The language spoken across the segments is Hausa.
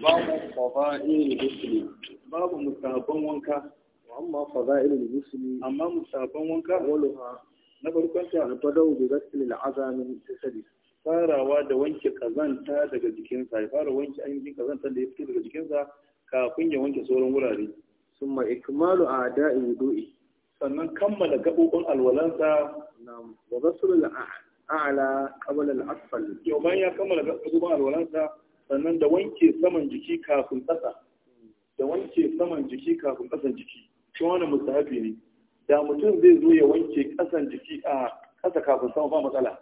babu fada'ilul ghusl babu mustahabban wanka wa amma fada'ilul ghusl amma mustahabban wanka waluha na farkon ta albadau bi ghusl al'aza min jasadi farawa da wanke kazanta daga jikinsa ya fara wanke ainihin kazanta da ya fito daga jikinsa kafin ya wanke sauran wurare summa ikmalu a'da'i wudu'i sannan kammala gabobin alwalansa na wa ghusl al'a'la qabla al'asfal yau bayan ya kammala gabobin alwalansa sannan da wanke saman jiki kafin ƙasa da wanke saman jiki kafin ƙasan jiki shi wani mustahabi ne da mutum zai zo ya wanke ƙasan jiki a ƙasa kafin sama ba matsala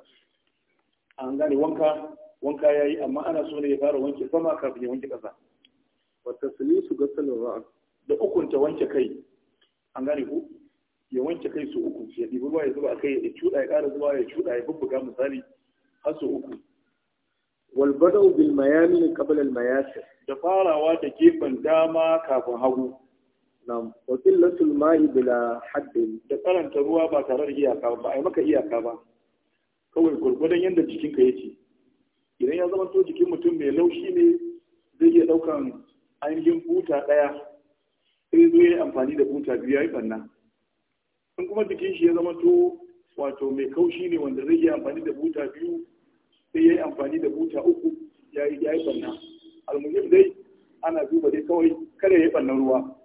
an gane wanka wanka yayi amma ana so ne ya fara wanke sama kafin ya wanke ƙasa wa su ga ra's da ukunta wanke kai an gane ku ya wanke kai su uku ya ɗibi ruwa ya zuba a kai ya cuɗa ya ƙara zuwa ya cuɗa ya bubbuga misali har su uku والبدء بالميامن قبل المياسر da farawa da gefen dama kafin hagu nam wa qillatul ma'i bila haddin da karanta ruwa ba tare da iyaka ba ai maka iyaka ba kawai gurgudan yanda jikinka yake idan ya zama to jikin mutum mai laushi ne zai iya daukan ainihin buta daya sai zo ya amfani da buta biyu ya yi banna in kuma jikin shi ya zama to wato mai kaushi ne wanda zai iya amfani da buta biyu sai ya yi amfani da buta uku ya yi banna almuhim dai ana duba dai kawai kada ya yi bannan ruwa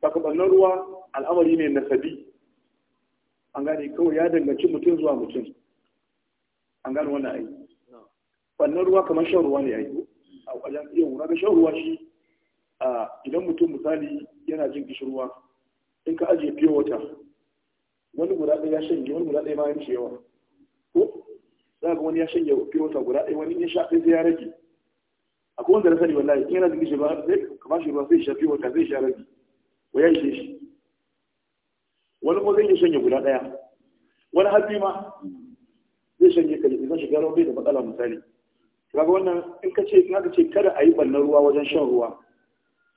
baka bannan ruwa al'amari ne nasabi an gane kawai ya danganci mutum zuwa mutum an gane wannan aiki bannan ruwa kamar shan ruwa ne yi. a wajen iya wura ga shan ruwa shi idan mutum misali yana jin kishirwa in ka ajiye fiye wata wani guda ɗaya ya shanye wani guda ɗaya ma ya yawa ko za ga wani ya shanye fiyota guda ɗaya wani ya sha sai ya rage akwai wanda na sani wallahi in yana jin shi ba zai kama shi ruwa zai shafi wata zai sha rage wa ya ishe shi wani ko zai iya shanye guda ɗaya wani hafi ma zai shanye kai idan shiga ruwa bai da matsala misali kaga wannan in ka ce in aka ce kada a yi ɓannan ruwa wajen shan ruwa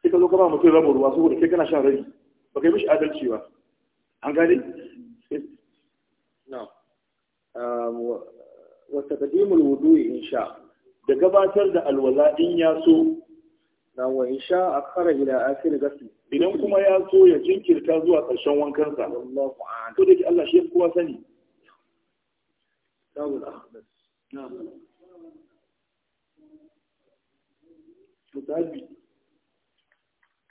sai ka zo ka ba mutum rabin ruwa saboda kai kana shan rage ba kai mishi adalci ba an gane kadimul wudu in sha. da gabatar da alwala in ya so na wa a akhara ila akhir ghusl idan kuma ya so ya jinkirta zuwa karshen wankan sa Allahu a'lam to dake Allah shi kuwa sani Dawul Ahmad na'am Mutabi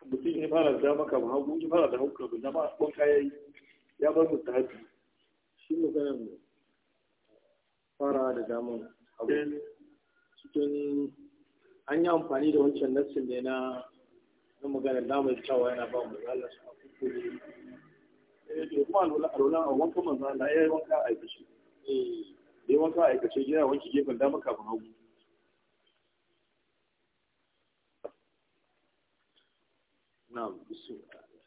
mutum ya fara da maka ba hagu ya fara da hauka ba na ba wanka yayi ya bar mutabi shi maganar fara da damun abu cikin an yi amfani da wancan nassin ne na na maganar damar cewa yana ba mu Allah su ko ne eh to kuma lola lola a wanka manzo Allah yayi wanka a aikace eh dai wanka a aikace yana wanki gefen dama kafin hagu نعم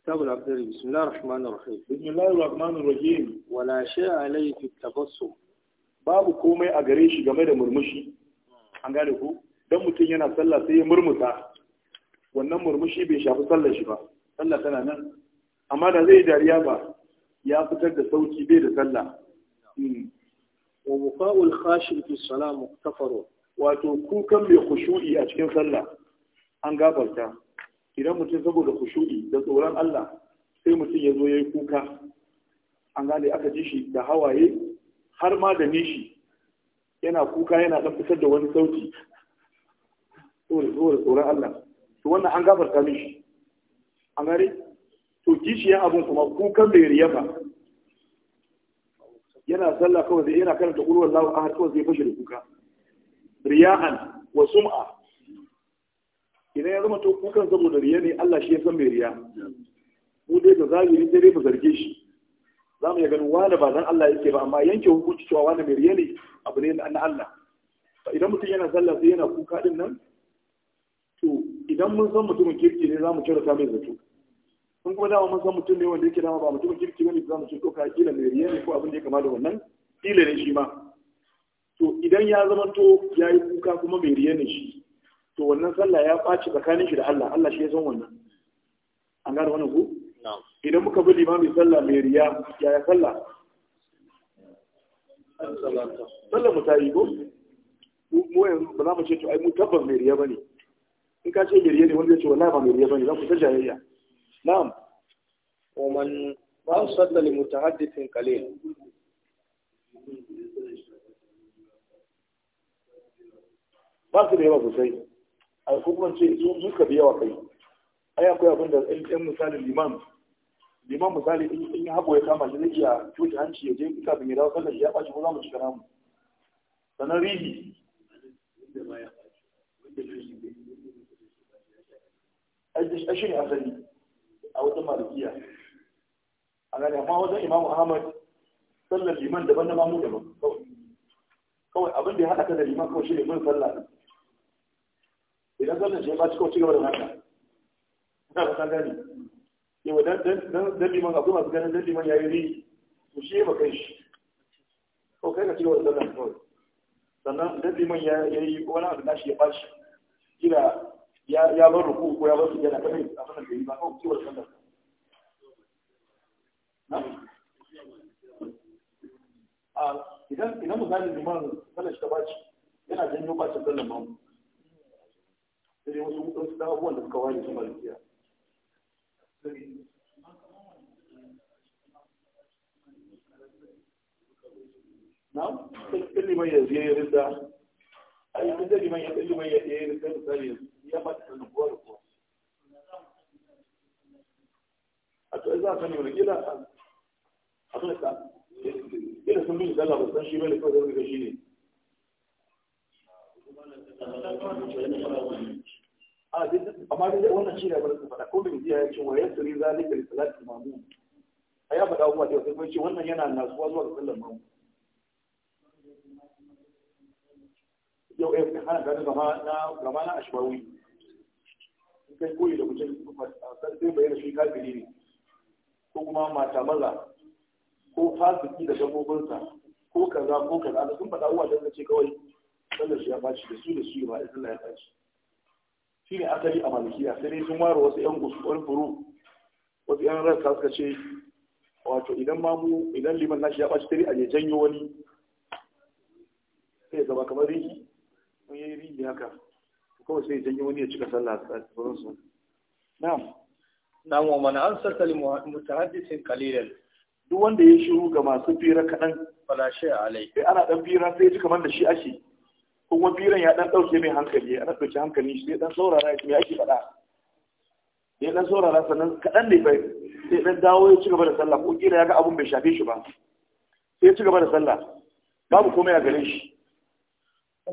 كتاب العقيدة بسم الله الرحمن الرحيم بسم الله الرحمن الرحيم ولا شيء عليك في التبسم babu komai a gare shi game da murmushi an gane ku dan mutum yana sallah sai ya murmusa wannan murmushi bai shafi sallar shi ba sallah tana nan amma da zai dariya ba ya fitar da sauki bai da sallah hmm. wa muqawul khashin fi salat muktafaru wato kukan mai khushu'i a cikin sallah an gafarta idan mutum saboda khushu'i da tsoron Allah sai mutum ya zo ya yi kuka an gane aka ji shi da hawaye har ma da nishi yana kuka yana ɗan fitar da wani sauti saboda tsoron Allah to wannan an gafarta mishi an gare to kishiyan abin kuma kukan bai riya ba yana sallah kawai zai yana karanta ƙulwar lawa a kawai zai fashe da kuka riya'an wa sum'a idan ya zama to kukan saboda riya ne Allah shi ya san mai riya mu dai da zahiri sai dai mu zarge shi za mu iya ganin wani ba dan Allah yake ba amma yanke hukunci cewa wani mai riya ne abu ne na Allah idan mutum yana sallah sai yana kuka din nan to idan mun san mutumin kirki ne za mu kira ta mai zato kun kuma dama mun san mutum ne wanda yake dama ba mutumin kirki ne za mu ce to ka kila mai riya ne ko abin da ya kama da wannan kila ne shi ma to idan ya zama to ya yi kuka kuma mai riya ne shi to wannan sallah ya ɓaci tsakanin shi da Allah Allah shi ya san wannan an gane wannan ku idan muka bi limamin sallah mai riya yaya sallah sallah mu ta yi ko mu yanzu ba za mu ce to ai mu tabbas mai riya bane in ka ce mai riya ne wanda ya ce wallahi ba mai riya bane za ku ta jayayya na'am wa man ba sallah li mutahaddithin qalil ba su da yawa sosai a hukumance sun suka da yawa kai ai akwai abin da ɗan misalin liman liman misali in ya hago ya kama shi zai iya cuta hanci ya je kafin ya dawo sallar ya ɓaci ko za mu shiga namu sannan rihi a shi ne asali a wata malikiya a gani amma wajen imamu ahmad sallar liman daban na mamu daban kawai abin da ya haɗa ka da liman kawai shi ne mun sallar idan sallar shi ya ɓaci kawai cigaba gaba da haka na ba ta gani yawa dan liman akwai masu ganin dan liman ya yi ri to shi ba kai shi ko kai ka ci gaba da sallah kawai sannan dan liman ya yi wani abu nashi ya bashi kila ya bar ruku ko ya bar su yana kamar a sanar da yi ba kawai ci gaba da sallah idan idan misalin liman sallar shi ta bashi yana janyo bacin sallar mamu sai wasu wasu abubuwan da suka waye su malikiya na'am ilimin yanzu ya yi rinda a yi rinda ya ya yi rinda ya da a to za a sani wani gida a sun ka gida sun bin ba shi bane kawai zai ne Ah, amma dai wannan shi ne abin faɗa ko bin jiya ya ce wa yasu ri zalika li salati mamu Aya ya faɗa abubuwa da yau ce wannan yana nasuwa zuwa ga sallar mamu yau ya eh, fi hana gani gama na ashbawi kai koyi da mutum sai bayyana shi kafiri ne ko kuma mata maza ko fasiki da dabbobinsa ko kaza ko kaza sun faɗa uwa da ce kawai sallar shi ya ɓaci da su da su ba sallar ya ɓaci shi ne asali a malikiya sai dai sun ware wasu 'yan gusuwar furu wasu 'yan rasa suka ce wato idan mamu idan liman nashi ya ɓaci tare a ya janyo wani sai ya zama kamar rigi mun yi rigi haka kawai sai ya janyo wani ya cika sallah a sauransu na'am mu wa man ansata li mutahaddisin qalilan duk wanda ya shiru ga masu fira kaɗan fala shay alai sai ana ɗan fira sai ya ci kamar da shi ake kuma biran ya dan dauke mai hankali ya dauke hankali shi dan saurara ya ce faɗa ya dan saurara sannan kaɗan ne bai sai dan dawo ya ci gaba da sallah ko kira ya ga abun bai shafe shi ba sai ya ci gaba da sallah babu komai a gare shi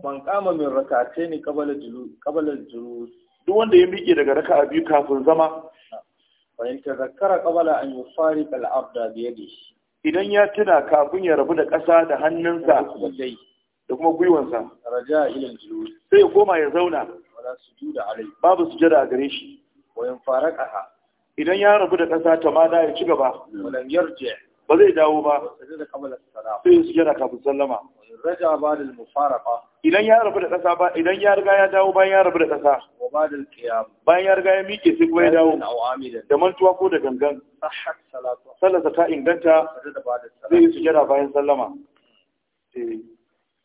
man kama min rakace ne kabala julu kabala julu duk wanda ya miƙe daga raka'a biyu kafin zama fa in tazakkara qabala an yufariq al-abda bi yadihi idan ya tuna kafin ya rabu da ƙasa da hannunsa da kuma gwiwansa sai ya koma ya zauna Babu su alai a gare shi idan ya rabu da ƙasa, ta mada ya ci gaba ba zai dawo ba sai sujada kafin sallama idan ya rabu da ƙasa, ba idan ya riga ya dawo bayan ya rabu da ƙasa. bayan ya riga ya miƙe sai kuma ya dawo da mantuwa ko da gangan Salasa ta inganta zai sujada bayan sallama eh.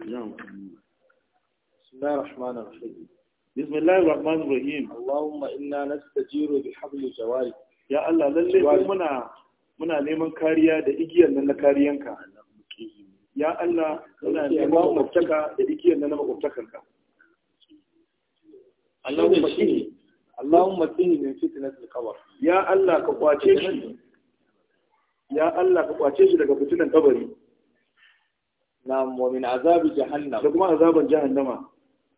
نعم بسم الله الرحمن الرحيم da igiyar na kariyanka ya Allah muna neman makwabtaka da igiyar na makwabtakanka Allahumma Allahumma shini min fitnatil qabr ya Allah ka kwace shi ya Allah ka kwace shi daga fitinan kabari na'am wa min azabi jahannam da kuma azaban jahannama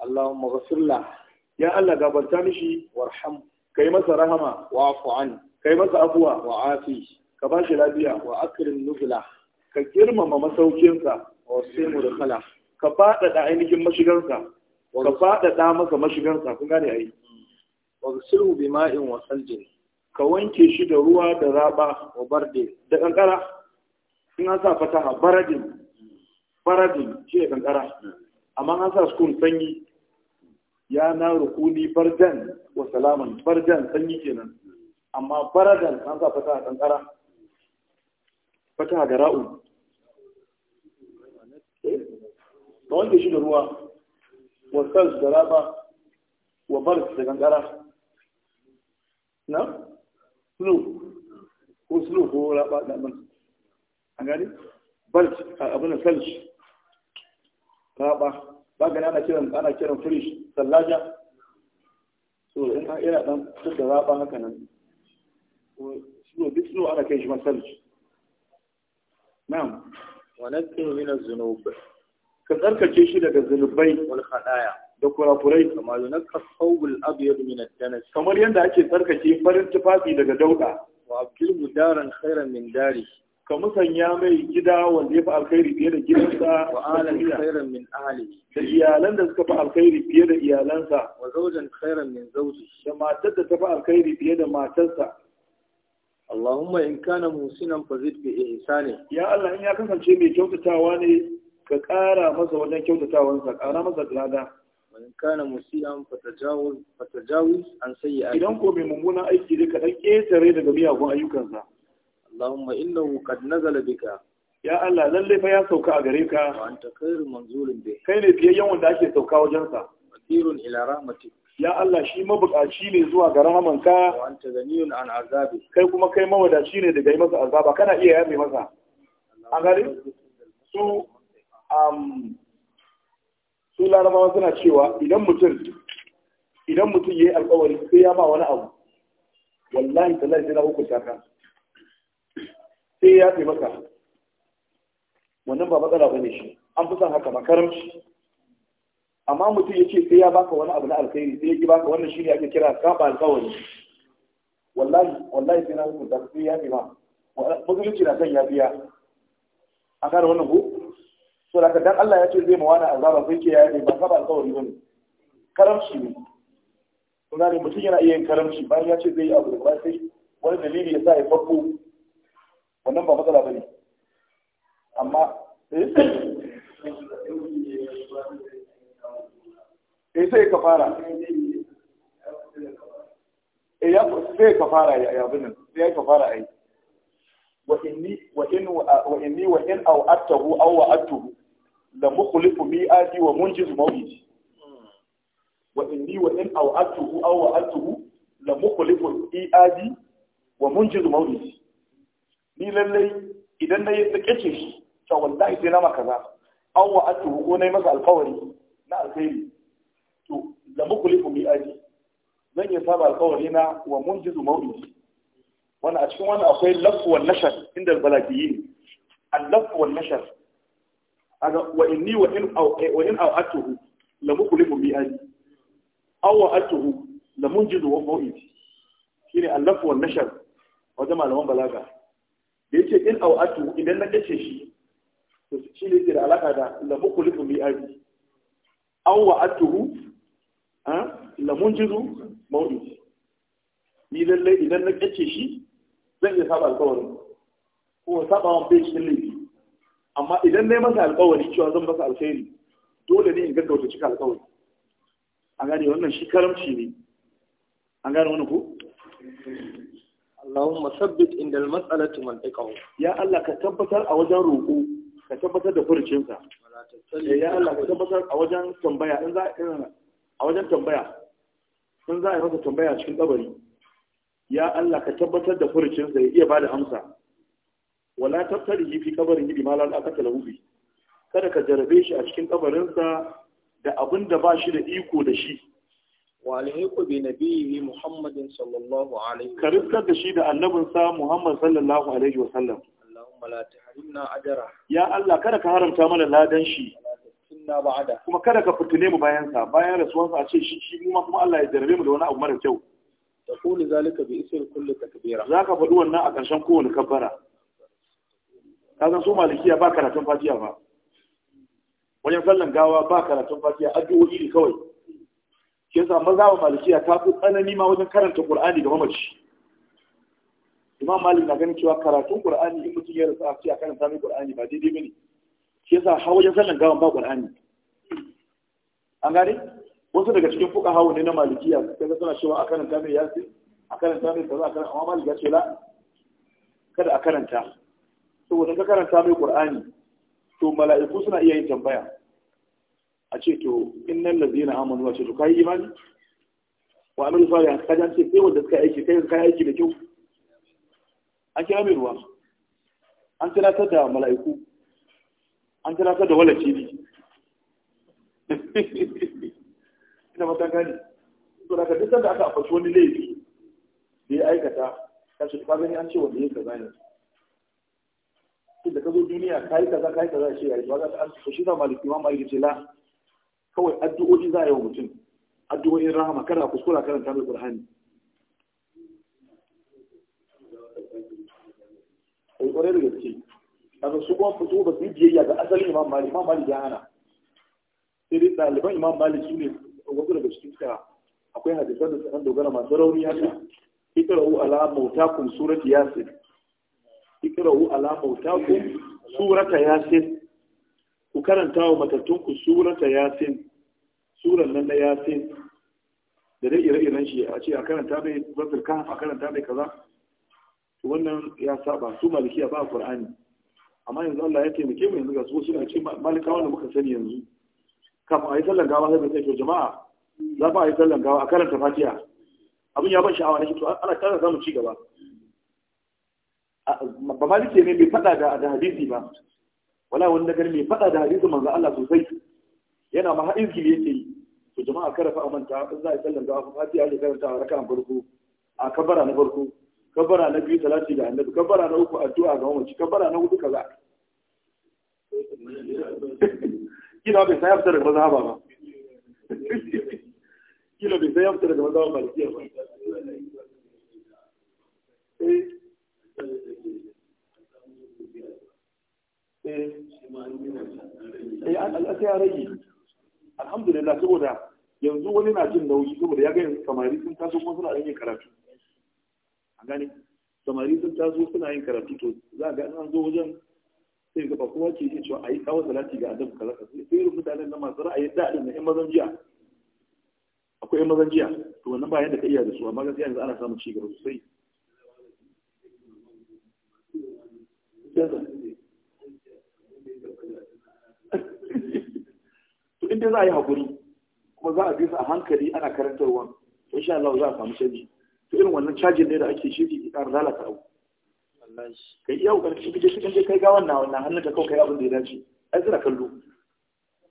Allahumma ghfir ya Allah gafarta mishi warham kai masa rahama wa afu an kai masa afuwa wa afi ka bashi lafiya wa akrim nuzula ka girmama masaukinsa wa sai mudkhala ka faɗaɗa ainihin mashigansa ka faɗaɗa masa mashigansa kun gane ai wa ghsilhu bima'in wa saljin ka wanke shi da ruwa da raba wa barde da kankara in sa fataha baradin baradun shi ne kankara amma an sa sukun sanyi ya na rukuni Farjan wa salaman Farjan sanyi kenan amma Faradan an sa fata kankara fata ga ra'u ta eh, wanke shi da ruwa wa sals da raba wa bars da kankara na? sulu ko sulu ko raba da abin an gani? bars abin da sals. kaba ba gani ana kiran ana kiran firish sallaja so in ka ira dan da raba haka nan so duk so ana kai shi masallaci na'am wa nakin min az-zunub ka tsarkake shi daga zunubai wal khadaya da kurakurai kama yunakka thawbul abyad min ad-danas kamar yadda ake tsarkake farin tufafi daga dauda wa abdul mudaran khairan min dari ka musanya mai gida wanda ya fi alkhairi fiye da gidansa wa alan khairan min ahli da iyalan da suka fi alkhairi fiye da iyalansa wa zawjan khairan min zawji da matar da ta fi alkhairi fiye da matarsa Allahumma in kana musinan fazid bi ihsani ya Allah in ya kasance mai kyautatawa ne ka ƙara masa wajen kyautatawansa ƙara masa lada wa in kana musian fatajawuz fatajawuz an sayyi'ati idan ko mai mummunan aiki da ka dan ketare daga miyagun ayyukansa اللهم انه قد نزل بك ya Allah lalle fa ya sauka a خير ka به كاين khairu يوم kai ne ake sauka wajen sa fakirun ila rahmatik ya Allah shi mabukaci ne zuwa ga rahamanka wa anta ganiyun an kai kuma kai mawadaci ne daga yi masa azaba kana iya yafe masa A gare su um, su larabawa suna cewa idan mutum idan mutum ya yi alkawari sai ya ba wani abu wallahi tallahi sai na hukunta ka sai ya fi maka wannan ba matsala ne shi an fi son haka makaramci amma mutum ya ce sai ya baka wani abu na alkhairi sai ya ki baka wannan shi ne ake kira kaba alkawari wallahi wallahi sai na hukunta sai ya fi ma musulunci na son ya biya an kada wannan ko so da dan Allah ya ce zai ma wani azaba sai ke ya yi ba saba alkawari ne. karamci ne kun ne mutum yana iya yin karamci bayan ya ce zai yi abu da ba sai wani dalili ya sa ya farko wannan ba matsala ba ne amma eh, eh sai ka fara eh ya sai ka fara ya abin nan sai ka fara ai wa inni wa in wa inni wa in aw attahu aw atuhu la mukhlifu mi'ati wa munjizu mawidi wa inni wa in aw attahu aw atuhu la mukhlifu mi'ati wa munjizu mawidi ni lallai idan na yi tsake shi to wallahi sai na maka za an wa atu ko ne yi alƙawari na alkhairi to la mukhlifu mi aji zan iya saba alƙawari na wa munjizu mawdi wannan a cikin wannan akwai lafu wal nashar inda albalagiyin al-lafu wal nashar aga wa inni wa in aw eh, wa in aw atuhu la mukhlifu mi aji aw wa atuhu la munjizu wa mawdi shine al-lafu wal nashar wajen malaman balaga da yake in au'atu idan na kace shi to shi ne da alaka da la mukhlifu bi abi aw wa'atuhu ha la munjizu mawdi ni lalle idan na kace shi zan iya saba alƙawari ko saba wa bai shi laifi amma idan nayi masa alƙawari cewa zan masa alkhairi dole ne in gaggauta cika alƙawari an gane wannan shi karamci ne an gane wani ko Allahumma sabbit inda al-mas'alati mantiqahu ya Allah ka tabbatar a wajen roƙo ka tabbatar da furucin sa eh, ya Allah ka tabbatar a wajen tambaya in za a wajen tambaya in za a yi masa tambaya cikin kabari ya Allah ka tabbatar da furucin ya iya bada amsa wala tabtarihi fi qabrihi bima la taqata lahu bi kada ka jarabe shi a cikin kabarin da abin da ba shi da iko da shi walhiku bi nabiyyi Muhammadin sallallahu alaihi ka riskar da shi da annabin sa Muhammad sallallahu alaihi wa sallam Allahumma la tahrimna ajra ya Allah kada ka haramta mana ladan kuma kada ka fitune mu bayan sa bayan rasuwan a ce shi shi mu kuma Allah ya jarabe mu da wani abu mara kyau taqulu zalika bi isr kulli takbira zaka faɗi wannan a ƙarshen kowane kabbara san su malikiya ba karatun fatiha ba wajen sallan gawa ba karatun fatiha addu'o'i ne kawai shi maza wa malikiya ta fi tsanani ma wajen karanta qur'ani da mamaci imam malik na ganin cewa karatun qur'ani in mutum ya rasa a ce a karanta mai qur'ani ba daidai bane shi sa hawa wajen sanar gawan ba qur'ani an gane wasu daga cikin fuka hawa ne na malikiya ga suna cewa a karanta mai yasi a karanta mai kaza a karanta amma malik ya ce la kada a karanta saboda ka karanta mai qur'ani to mala'iku suna iya yin tambaya a ce to da zina amanu wa ce to kayi imani wa amilu fari ka ji an ce sai wanda suka aiki kai kayan aiki da kyau an kira mai ruwa an kira ta da mala'iku an kira ta da wala ne ina matan gani to ka duk da aka afashi wani laifi da ya aikata kashi ka gani an ce wanda ya kaza ne da ka zo duniya ka yi kaza ka yi kaza shi ya yi ba za ta an shi za maliki ma maliki ce la kawai addu'o'i za a yi wa mutum addu'o'in rahama kada a kuskura karanta mai qur'ani ai eh, kwarai da gaske kaga su kuma fito ba su yi biyayya ga asalin imam malik imam malik ya hana sai dai ɗaliban imam malik su ne wasu daga cikin suka akwai hadisan da sukan dogara masu rauni haka ikra'u ala mautakum surati yasir ikra'u ala mautakum surata yasir ku karanta wa matattunku surata yasin suran nan na yasin da dai ire-iren shi a ce a karanta mai rasul kan a karanta mai kaza wannan ya saba su malikiya ba qur'ani amma yanzu Allah ya taimake mu yanzu ga su suna ce malika da muka sani yanzu kafin a yi sallan gawa sai sai to jama'a za ba a yi sallan gawa a karanta fatiha abin ya ban sha'awa nake to ana kara samu ci gaba ba maliki ne bai fada da hadisi ba wala wani gani mai faɗa da hadisin manzo Allah sosai yana ma ne yake yi to jama'a kada fa manta in za a yi sallar gawa fatiha ake karanta a raka'an farko a kabbara na farko kabbara na biyu talati da annabi kabbara na uku addu'a ga mamaci kabbara na hudu kaza Kina bai sai fitar da mazhaba ba Kina bai sai fitar da mazhaba ba eh an rage alhamdulillah saboda yanzu wani na jin nauyi saboda ya ga yanzu samari sun taso kuma suna yin karatu a gane samari sun taso suna yin karatu to za ga an zo wajen sai ga ba kowa ke yi cewa a yi kawo salati ga adam kaza kaza sai irin mutanen na masu ra'ayin daɗin na 'yan mazan jiya akwai 'yan mazan jiya to wannan ba yadda ka iya da su amma gaskiya yanzu ana samun ci gaba sosai to inda za a yi haƙuri kuma za a bi su a hankali ana karantarwa to insha Allah za a samu canji to irin wannan cajin ne da ake shiri ka ƙara lalata abu ka yi yau shi kaje cikin je kai ga na wannan hannun ta kawai kai abin da ya dace ai zira kallo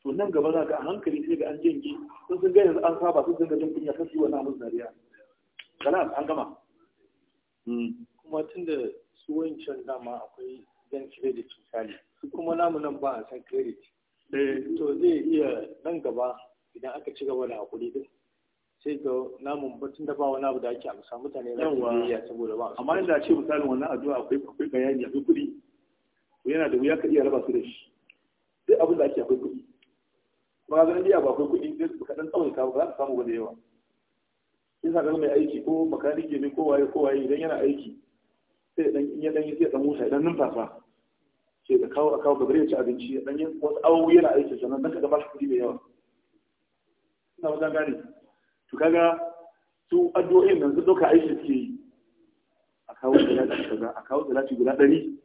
to nan gaba za ka a hankali sai ga an janye sun sun ga yanzu an saba sun sun ga jin kunya kan su wannan abin zariya kana an gama hmm. kuma tun da su wancan dama akwai yan credit misali kuma namu nan ba a san credit Eh, to zai iya nan gaba idan aka ci gaba da hakuri din sai ga namun batun da ba wani abu da ake amsa mutane za su iya saboda ba amma inda ce misalin wannan addu'a akwai akwai bayani akwai kuɗi to yana da wuya ka iya raba su da shi duk abin da ake akwai kuɗi ba ga biya ba akwai kuɗi sai ka dan tsawon ka ba za ka samu wani yawa in sa mai aiki ko makaniki ne ko waye ko waye idan yana aiki sai dan in ya dan yi sai dan musa idan numfasa sai da kawo a kawo ba zai ci abinci ya ɗanyen wasu awowi yana aiki sannan don kaga ba shi kuɗi da yawa ina wajen gane to kaga su addu'o'in nan sun ɗauka aiki suke yi a kawo salati kaza a kawo salati guda ɗari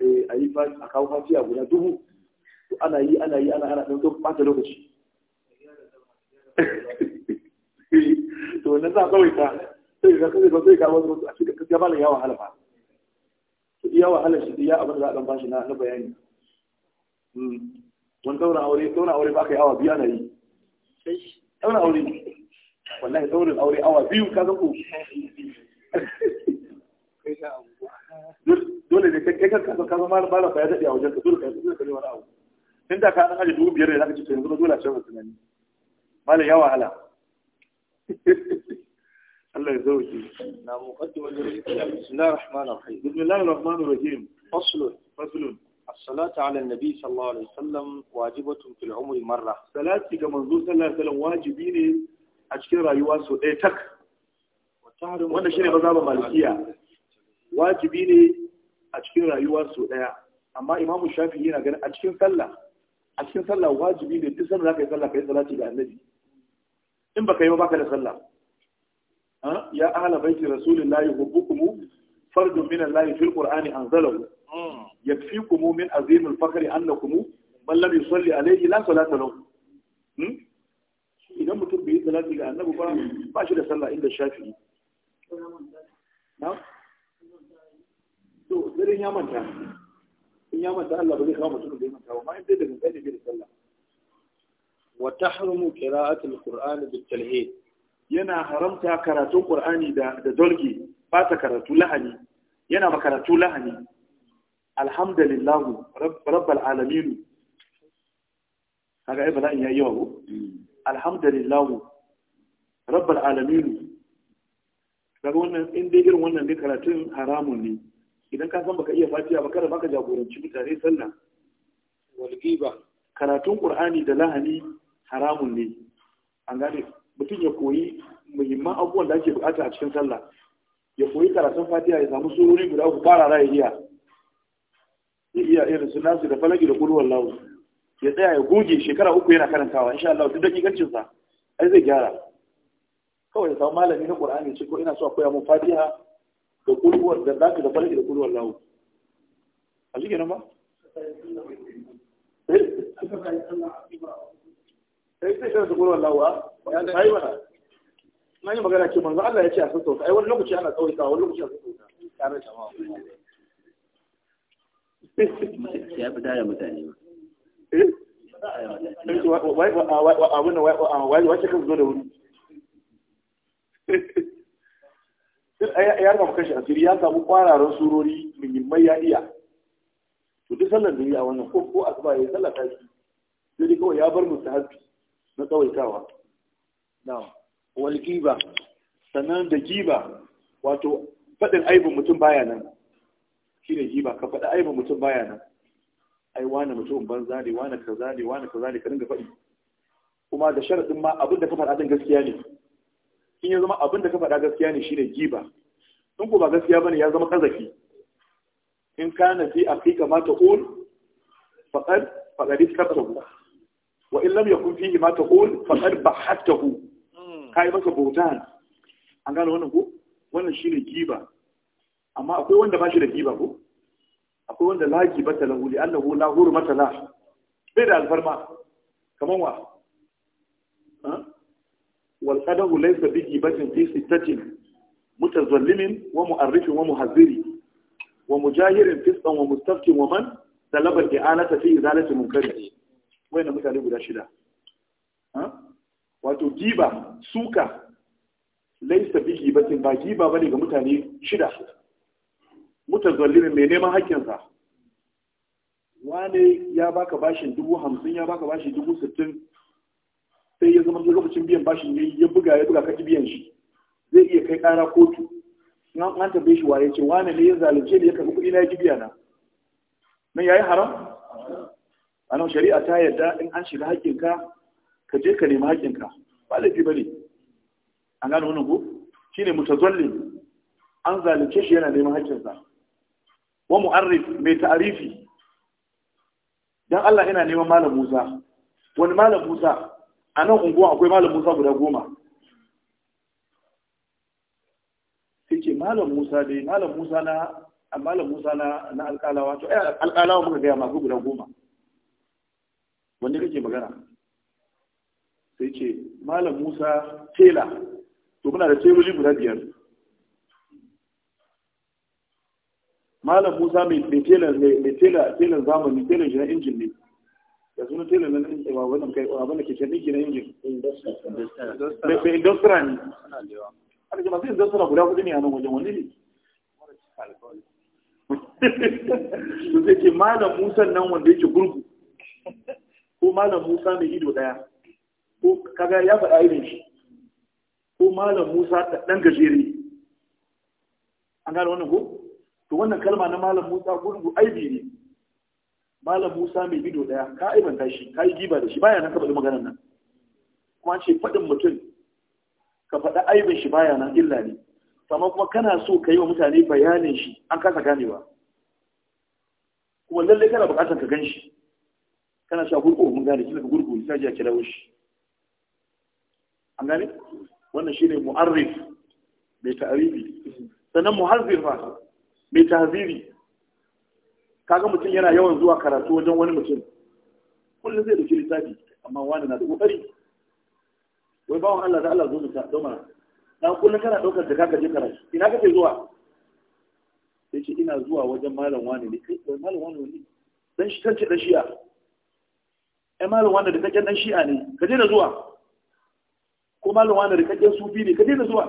eh, a yi a kawo fatiya guda dubu to ana yi ana yi ana ana ɗan so ɓata lokaci to wannan za a kawai ta sai ka kawo ka wasu a cikin gaba da yawa halafa iya wahalar shi iya abin da za a bashi na bayani wani hmm. tsauna aure aure ba ka yi awa biyu na yi tsauna aure wallahi tsaunin aure awa biyu ka zaku dole ne kai kan kasa kasa malam malam ba ya a wajen ka dole ka yi ka wani abu tun da ka an aje dubu biyar ne za ka ci dole a kai tunani malam ya wahala الله يزوجي نعم مقدمة بسم الله الرحمن الرحيم بسم الله الرحمن الرحيم فصل فصل الصلاة على النبي صلى الله عليه وسلم واجبة في العمر مرة صلاة كمنظور صلى الله عليه وسلم واجبين أشكر رأيوان سؤيتك وانا شيء غزابة مالكية واجبين أشكر رأيوان سؤيا أما إمام الشافعي هنا قال أشكر صلى أشكر صلى واجبين تسمى لك صلى في صلاة النبي إن بك يوم بك لصلى ya ahla baiti rasulillahi hubbukum fardun min Allah fil qur'ani anzalahu hmm. min azim al fakhr annakum man lam yusalli hmm? idan mutum bai yi salati ga annabi ba shi da sallah inda to sai ya manta in ya manta Allah ba zai kawo mutum da ya manta in dai da bai da sallah wa tahrumu qira'atul qur'ani bil talhid yana haramta karatun Qur'ani da da dolge ba ta karatu lahani yana ba karatu lahani alhamdulillah rabbal alamin kaga ai bala'in yayi yawa ko alhamdulillah rabbal alamin daga wannan inda irin wannan ne karatun haramun ne idan ka san baka iya fatiya ba kada baka jagoranci mutane sallah wal ghiba karatun qur'ani da lahani haramun ne an gane mutum ya koyi muhimman abubuwan da ake bukata a cikin sallah ya koyi karatun fatiha ya samu surori guda uku fara ra'ayi iya iya irin su nasu da falaki da kulwar lawu ya tsaya ya goge shekara uku yana karantawa insha Allah duk dakikancin sa ai zai gyara kawai ya samu malami na Qur'ani ce ko ina so a koya mun fatiha da da zaka da falaki da kulwar lawu a shi ba eh sai sai da kulwar lawu ah. ai mana na yi magana ce manzo Allah ya ce a sassauta ai wani lokaci ana tsawaita wani lokaci a sassauta tare da jama'a ya fi tare mutane ba eh? abin da wace kan zo da wuri ya rama kashi asiri ya samu kwararan surori muhimmai ya iya to duk sallar da yi wannan ko ko asuba ya yi sallar tashi sai dai kawai ya bar mu hafi na tsawaitawa na'am wal giba sannan da giba wato faɗin aibin mutum baya nan shi ne giba ka faɗi aibin mutum baya nan ai wani mutum banza ne wani kaza ne wani kaza ne ka dinga faɗi kuma da sharaɗin ma abin da ka faɗa din gaskiya ne in ya zama abin da ka faɗa gaskiya ne shi ne giba in ko ba gaskiya bane ya zama kazafi in kana fi aqiqa ma taqul faqad faqad iskatahu wa in lam yakun fihi ma taqul faqad bahatahu ka yi bauta bautan an gane wannan ko wannan shi ne giba amma akwai wanda ba shi da giba ko akwai wanda la ta lahu li annahu la mata la bai da alfarma kaman wa wal qadahu laysa bi gibatin fi sittatin mutazallimin wa mu'arrifin wa muhazziri wa mujahirin fisqan wa mustaftin wa man talaba al-i'anata fi izalati munkari wayna mutane guda shida ha wato giba suka laisa bi gibatin ba giba bane ga mutane shida mutazallimin mai neman haƙƙinsa wane ya baka bashin dubu hamsin ya baka bashin dubu sittin sai ya zama lokacin biyan bashin ne ya buga ya buga kaki biyan shi zai iya kai ƙara kotu in an tambaye shi waye ce wane ne ya zalunce ne ya karɓi kuɗi na ya biya na nan yayi haram a nan shari'a ta yadda in an shiga haƙƙinka ka je ka nemi haƙƙinka ba laifi bane an gane wani ko ne mutazalli an zalunce shi yana neman haƙƙinsa wa mu'arrif mai ta'arifi dan Allah yana neman malam Musa wani malam Musa a nan unguwa akwai malam Musa guda goma sai ce malam Musa dai malam Musa na malam Musa na na alƙalawa to eh alƙalawa muka ga masu guda goma wanda kake magana sai ce malam musa tela to muna da teburi guda biyar malam musa mai tela mai tela tela zamani tela shi na injin ne da suna tela na injin ba eh, wannan kai abin da ke kan injin na injin mai industria ne ana jama'a sai industria guda kudi ne a nan wajen wani ne to sai ce malam musa nan wanda yake gurgu ko malam musa mai ido daya ko kaga ya faɗa irin shi ko malam Musa ta dan gajere an gane wannan ko to wannan kalma na malam Musa gurgu aibi ne malam Musa mai bido daya ka aibanta shi ka yi giba da shi baya nan ka faɗi maganar nan kuma ce faɗin mutum ka faɗi aibin shi baya nan illa ne amma kuma kana so ka yi wa mutane bayanin shi an kasa ganewa kuma lallai kana buƙatar ka gan shi kana sha gurgu mun gane shi daga gurgu sai ya kira shi an gane wannan shine mu'arrif mai ta'arifi sannan muhazzir fa mai tahziri kaga mutum yana yawan zuwa karatu wajen wani mutum kullum zai dauki littafi amma wani na da kokari wai bawan Allah da Allah zo mu ta mana na kullum kana daukar da kaka je karatu ina kake zuwa sai ce ina zuwa wajen malam wani ne kai wai malam wani ne dan shi kance dan shi'a ai malam wani da kake dan shi'a ne ka je da zuwa ko malama wani rikakken sufi ne ka daina zuwa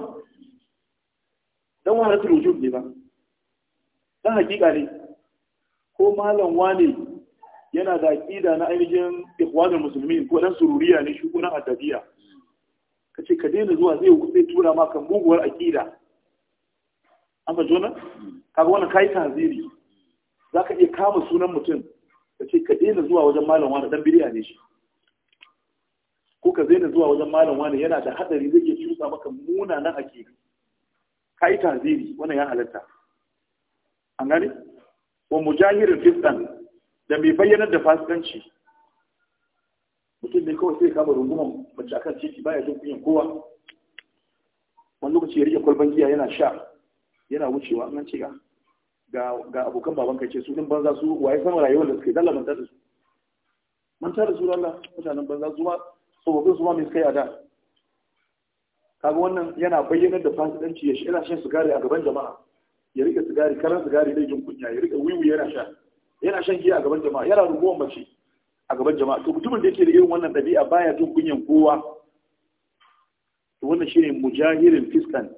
dan wani wujud ne ba dan hakika ne ko malam wani yana da aƙida na ainihin ikhwanul musulmi ko dan sururiya ne shi ko addabiya. Ka ce ka daina zuwa zai zai tura kan muguwar aƙida an fa jona kaga wani kai Za ka iya kama sunan mutum Ka ce ka daina zuwa wajen malam wani dan biriya ne shi ko ka zaina zuwa wajen malam wani yana da hadari zai iya cusa maka munanan ake kai taziri wannan ya halatta an gane wa mujahirin fiskan da mai bayyanar da fasikanci mutum ne kawai sai kama rungumar mace akan titi baya jin kunyan kowa wani lokaci ya rike kwalban giya yana sha yana wucewa an ce ga abokan baban kai ce su din banza su waye sama rayuwar da suke dalla manta da su manta da su Allah mutanen banza su ma tsofaffin su ma mai suka yi a da kaga wannan yana bayyanar da fasidanci ya yana shan sigari a gaban jama'a ya rike sigari karan sigari zai jin kunya ya rike wiwi yana sha yana shan giya a gaban jama'a yana rubuwan mace a gaban jama'a to mutumin da yake da irin wannan dabi'a baya jin kunyan kowa to wannan shine mujahirin fiskan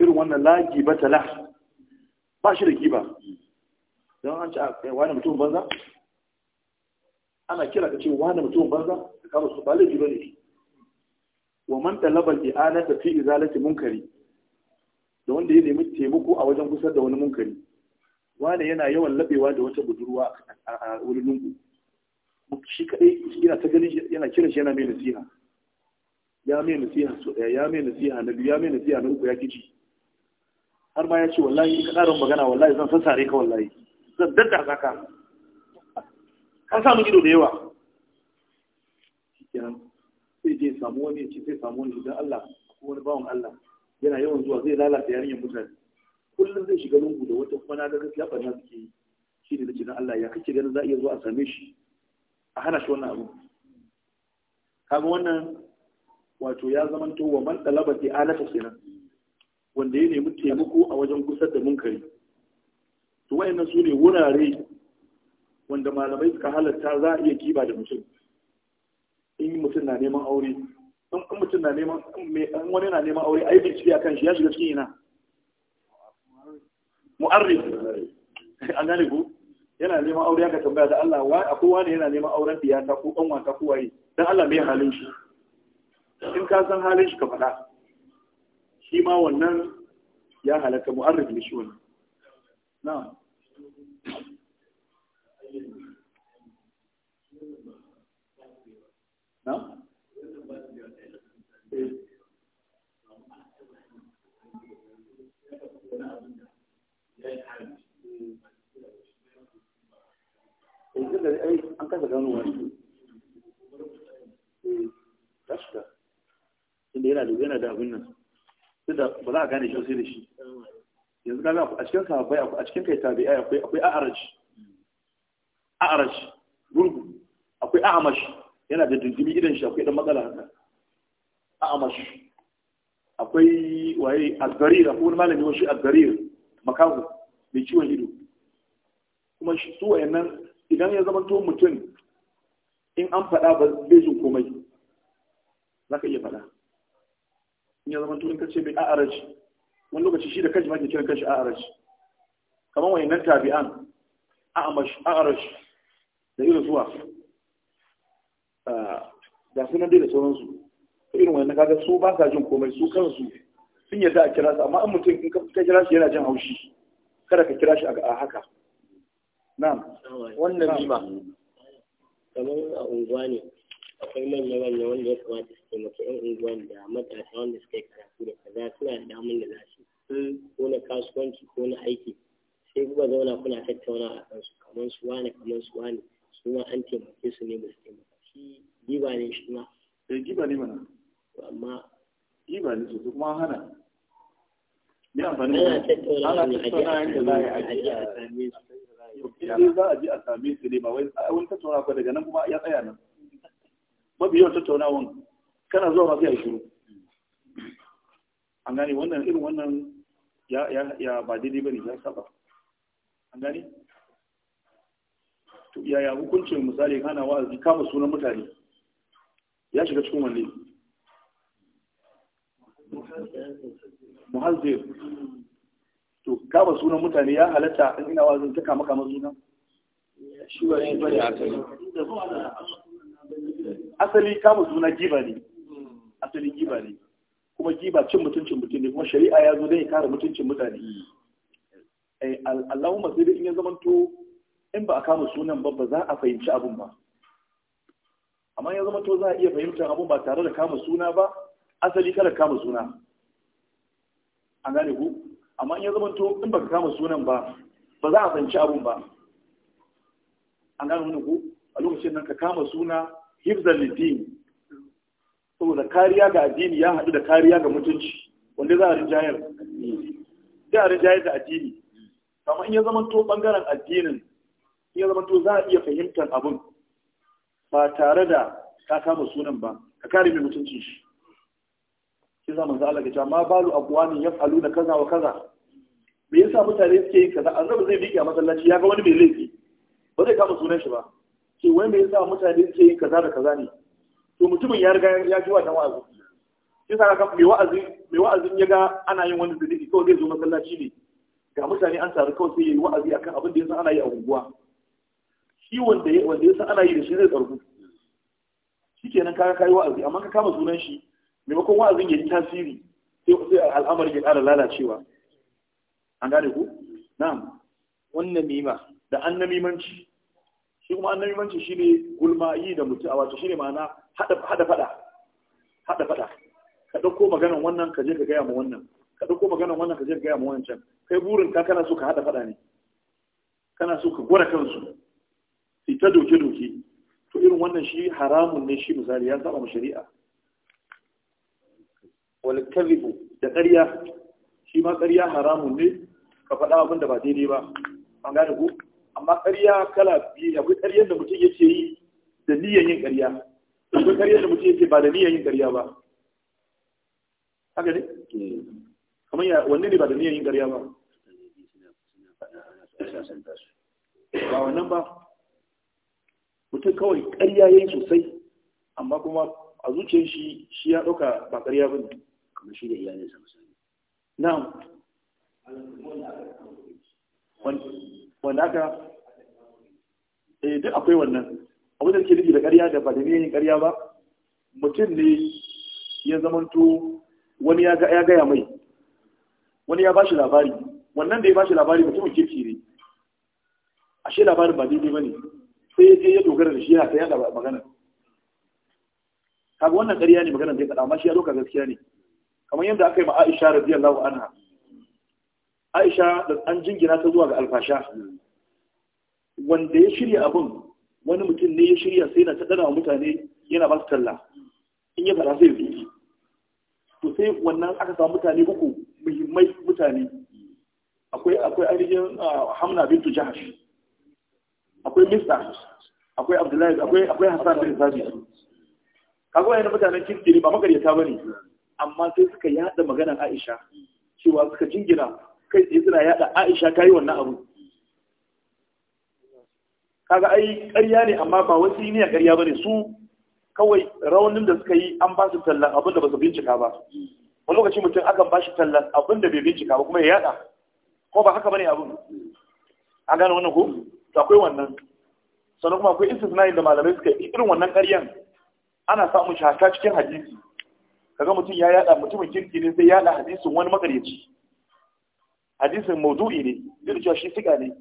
irin wannan lagi batala ba shi da kiba don an ci a ah, wani mutum banza ana kira ka ce wani mutum banza ka kama su balaji ba ne wa man talaba al-i'ana ta fi izalati munkari da wanda ya nemi taimako a wajen kusa da wani munkari wani yana yawan labewa da wata budurwa a wani lungu shi kadai yana ta gani yana kira shi yana mai nasiha ya mai nasiha so daya ya mai nasiha na biyu ya mai nasiha na uku ya kici har ma ya ce wallahi ka ƙarin magana wallahi zan sassare ka wallahi zan dadda ka ka sa mun da yawa Ya sai je samu wani ce sai samu wani idan Allah ko wani bawan Allah yana yawan zuwa zai lalata yarinyar mutane kullum zai shiga lungu da wata kuma na ga gaskiya barna suke yi shi ne da Allah ya kake ganin za a iya zuwa a same shi a hana shi wannan abu kaga wannan wato ya zamanto wa man talaba ti alata kenan wanda ya nemi taimako a wajen gusar da munkari to wayannan su ne wurare wanda malamai suka halatta za a iya kiba da mutum in mutum na neman aure in mutum na neman in wani na neman aure ai bincike akan shi ya shiga cikin ina Mu'arri, an gane ku yana neman aure aka tambaya da Allah wa akwai wani yana neman auren ta ko dan wata ko waye dan Allah mai halin shi in ka san halin shi ka faɗa shi ma wannan ya halaka mu'arrif ne shi wannan na'am na? yanzu da yana da yana da abin nan ba za a gane shi sai da shi yanzu kaga a cikin a cikin kai tabi'ai akwai akwai a'arashi a'arash gurgu akwai a'amash yana da dindimi idan shi akwai dan matsala haka a'amash akwai waye azgarir akwai wani malami wani shi azgarir makahu mai ciwon ido kuma shi su wayannan idan ya zama to mutum in an faɗa ba zai jin komai za ka iya faɗa in ya zama to in ka ce mai a'araj wani lokaci shi da kashi ma ke kiran kashi a'araj kamar wayannan tabi'an a'amashi a'araj da irin suwa da ah, suna dai da sauransu irin wani kaga su ba sa jin komai su kansu sun yadda a kira su amma an mutum in ka kira shi yana jin haushi kada ka kira shi a haka na wannan bima kamar a unguwa ne akwai manya manya wanda ya kamata su taimaki yan unguwa da matasa wanda suka yi karatu da kaza suna da damun da za su ko na kasuwanci ko na aiki sai kuka zauna kuna tattauna a kansu kamar su wane kamar su wane su ma an taimake su ne ba su taimaka shi giba ne shi ma eh giba ne mana amma giba ne su kuma hana ne amfani da ana tattauna yadda a yi a same su in za a je a same su ne ba wai wani tattauna ko daga nan kuma ya tsaya nan mafi yawan tattaunawan kana zuwa mafi a shiru an gane wannan irin wannan ya ba daidai ba ne ya saba an gane to yaya hukuncin misali hana wa'azi kama sunan mutane ya shiga cikin wanne muhazzir to kama sunan mutane ya halatta in ina wa'azin ta kama kama sunan shi ba shi bane asali asali kama suna giba ne asali giba ne kuma giba cin mutuncin mutum ne kuma shari'a ya zo don ya kare mutuncin mutane eh, Allahumma sai dai in ya zamanto in ba a kama sunan ba ba za a fahimci abun ba amma ya zama to za a iya fahimtar abun ba tare da kama suna ba asali kada kama suna an gane ku amma ya zama to in ba ka kama sunan ba ba za a fahimci abun ba an gane wani ku a lokacin nan ka kama suna hifzan litin saboda kariya ga addini ya haɗu da kariya ga mutunci wanda za a rinjayar za a da addini kamar in ya zama to ɓangaren addinin ya zama to za a iya fahimtar abun ba tare da ka kama sunan ba ka kare mai mutuncin shi shi zama za Allah ga amma balu abwani yaf'alu da kaza wa kaza me yasa mutane suke yin kaza annabi zai biki a masallaci ya ga wani mai laifi ba zai kama sunan shi ba ce wai me yasa mutane suke yin kaza da kaza ne to mutumin ya riga ya ji wannan wa'azi shi sa ka mai wa'azi mai wa'azin ya ga ana yin wani zikiri kawai zai zo masallaci ne ga mutane an taru kawai sai ya yi wa'azi akan abin da yasa ana yi a unguwa shi wanda ya wanda ya san ana yi da shi zai tsargu shikenan kaga kai wa'azi amma ka kama sunan shi maimakon wa'azin ya yi tasiri sai sai al'amarin ya kara lalacewa an gane ku na'am wannan mima da annamimanci shi kuma annamimanci shine gulma yi da mutu a wato shine ma'ana hada hada fada hada fada ka dauko maganan wannan ka je ka gaya ma wannan ka dauko maganan wannan ka je ka gaya ma wancan kai burin ka kana so ka hada fada ne kana so ka gwada kansu ita doke-doke to irin wannan shi haramun ne shi misali ya saba shari'a walkalibu da ƙarya shi ma ƙarya haramun ne ka faɗa abinda ba daidai ba an gane ku amma ƙarya kala biyu akwai ƙaryar da mutum yake yi da niyyar yin ƙarya akwai ƙaryar da mutum yake ba da niyyar yin ƙarya ba haka ne kamar ya wanne ne ba da niyyar yin ƙarya ba ba wannan ba mutum kawai ƙarya ya yi sosai amma kuma a zuciyar shi shi ya ɗauka ba ƙarya ba ne kamar shi da iyalinsa misali na wanda aka eh duk akwai wannan abin da ke nufi da ƙarya da ba da yin ƙarya ba mutum ne ya zamanto wani ya gaya mai wani ya bashi labari wannan da ya bashi labari mutumin kirki ne ashe labarin ba daidai ba ne sai ya je ya dogara da shi yana ta yada magana kaga wannan ƙarya ne maganar da ya amma shi ya doka gaskiya ne kamar yadda aka yi ma Aisha radiyallahu anha Aisha da an jingina ta zuwa ga alfasha wanda ya shirya abun wani mutum ne ya shirya sai na taɗana wa mutane yana ba su talla in ya fara sai zuki to sai wannan aka samu mutane uku muhimmai mutane akwai akwai ainihin ah, hamna bintu jahash akwai mista akwai abdullahi akwai akwai hasan bin sabit kaga wayannan mutanen kirki ne ba makaryata bane amma sai suka yada maganar Aisha cewa suka jingina kai sai suna yada Aisha tayi wannan abu kaga ai ƙarya ne amma ba wasu ne ƙarya bane su kawai raunin da suka yi an ba su tallan abin da ba su bincika ba wani lokaci mutum akan ba shi tallan abin da bai bincika ba kuma ya yada ko ba haka bane abin a gane wannan ko to akwai wannan sannan kuma akwai istisna'in da malamai suka yi irin wannan ƙaryan ana samun shaka cikin hadisi kaga mutum ya yada mutumin kirki ne sai yada hadisin wani makaryaci hadisin maudu'i ne zai cewa shi siga ne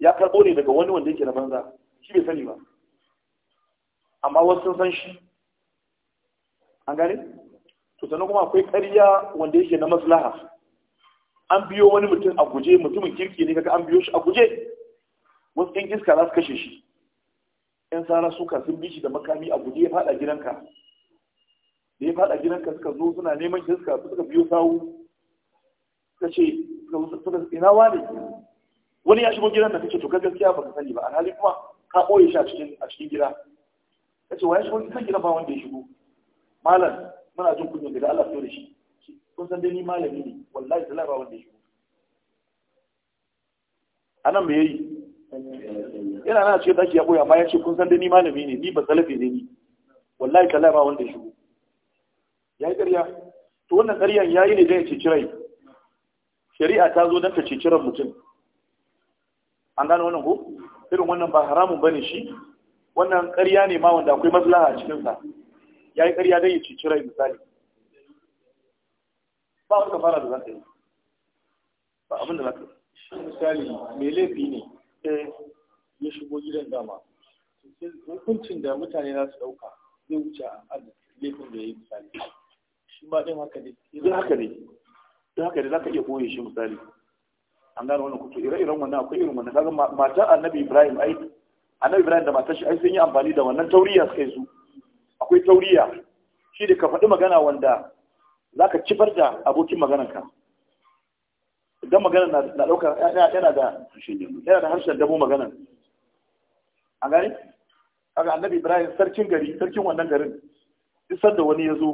ya karɓo ne daga wani wanda yake na banza shi bai sani ba amma wasu sun san shi an gane to sannan kuma akwai ƙarya wanda yake na maslaha an biyo wani mutum a guje mutumin kirki ne kaga an biyo shi a guje wasu ɗan iska za su kashe shi yan tsara suka sun bi shi da makami a guje ya fada gidanka da ya fada gidanka suka zo suna neman shi suka suka biyo sawu suka ce suka ina wani wani ya shigo gidan da kake to gaskiya ba ka sani ba alhali kuma ka boye shi a cikin a cikin gida ce wani shigo kan gidan ba wanda ya shigo malam muna jin kunya da Allah fito da shi kun san dai ni malami ne wallahi da ba wanda ya shigo anan me yayi yana na ce zaki ya koya ma ya ce kun san da ni malami ne ni ba salafi ne ni wallahi kallai ba wanda ya shigo yayi ƙarya to wannan ƙaryan yayi ne dan ya ceci rai shari'a ta zo dan ta ceci ran mutum an gano wannan ko irin wannan ba haramun bane shi wannan ƙarya ne ma wanda akwai maslaha a cikin sa yayi ƙarya dan ya ceci rai misali ba wani fara da zaka yi ba abin da zaka yi misali me laifi ne eh. ya shigo gidan dama hukuncin da mutane za su ɗauka zai wuce a laifin da ya yi misali shi ba ɗin haka ne ɗin haka ne ɗin haka ne za ka iya ɓoye shi misali an gane wannan kuto ire-iren wannan akwai irin wannan kaga matan annabi ibrahim ai annabi ibrahim da matar shi ai sun yi amfani da wannan tauriya suka yi su akwai tauriya shi da ka faɗi magana wanda za ka cifar da abokin maganarka idan magana na ɗaukar yana da harshen dabo maganar a gani kaga annabi ibrahim sarkin gari sarkin wannan garin isar da wani ya zo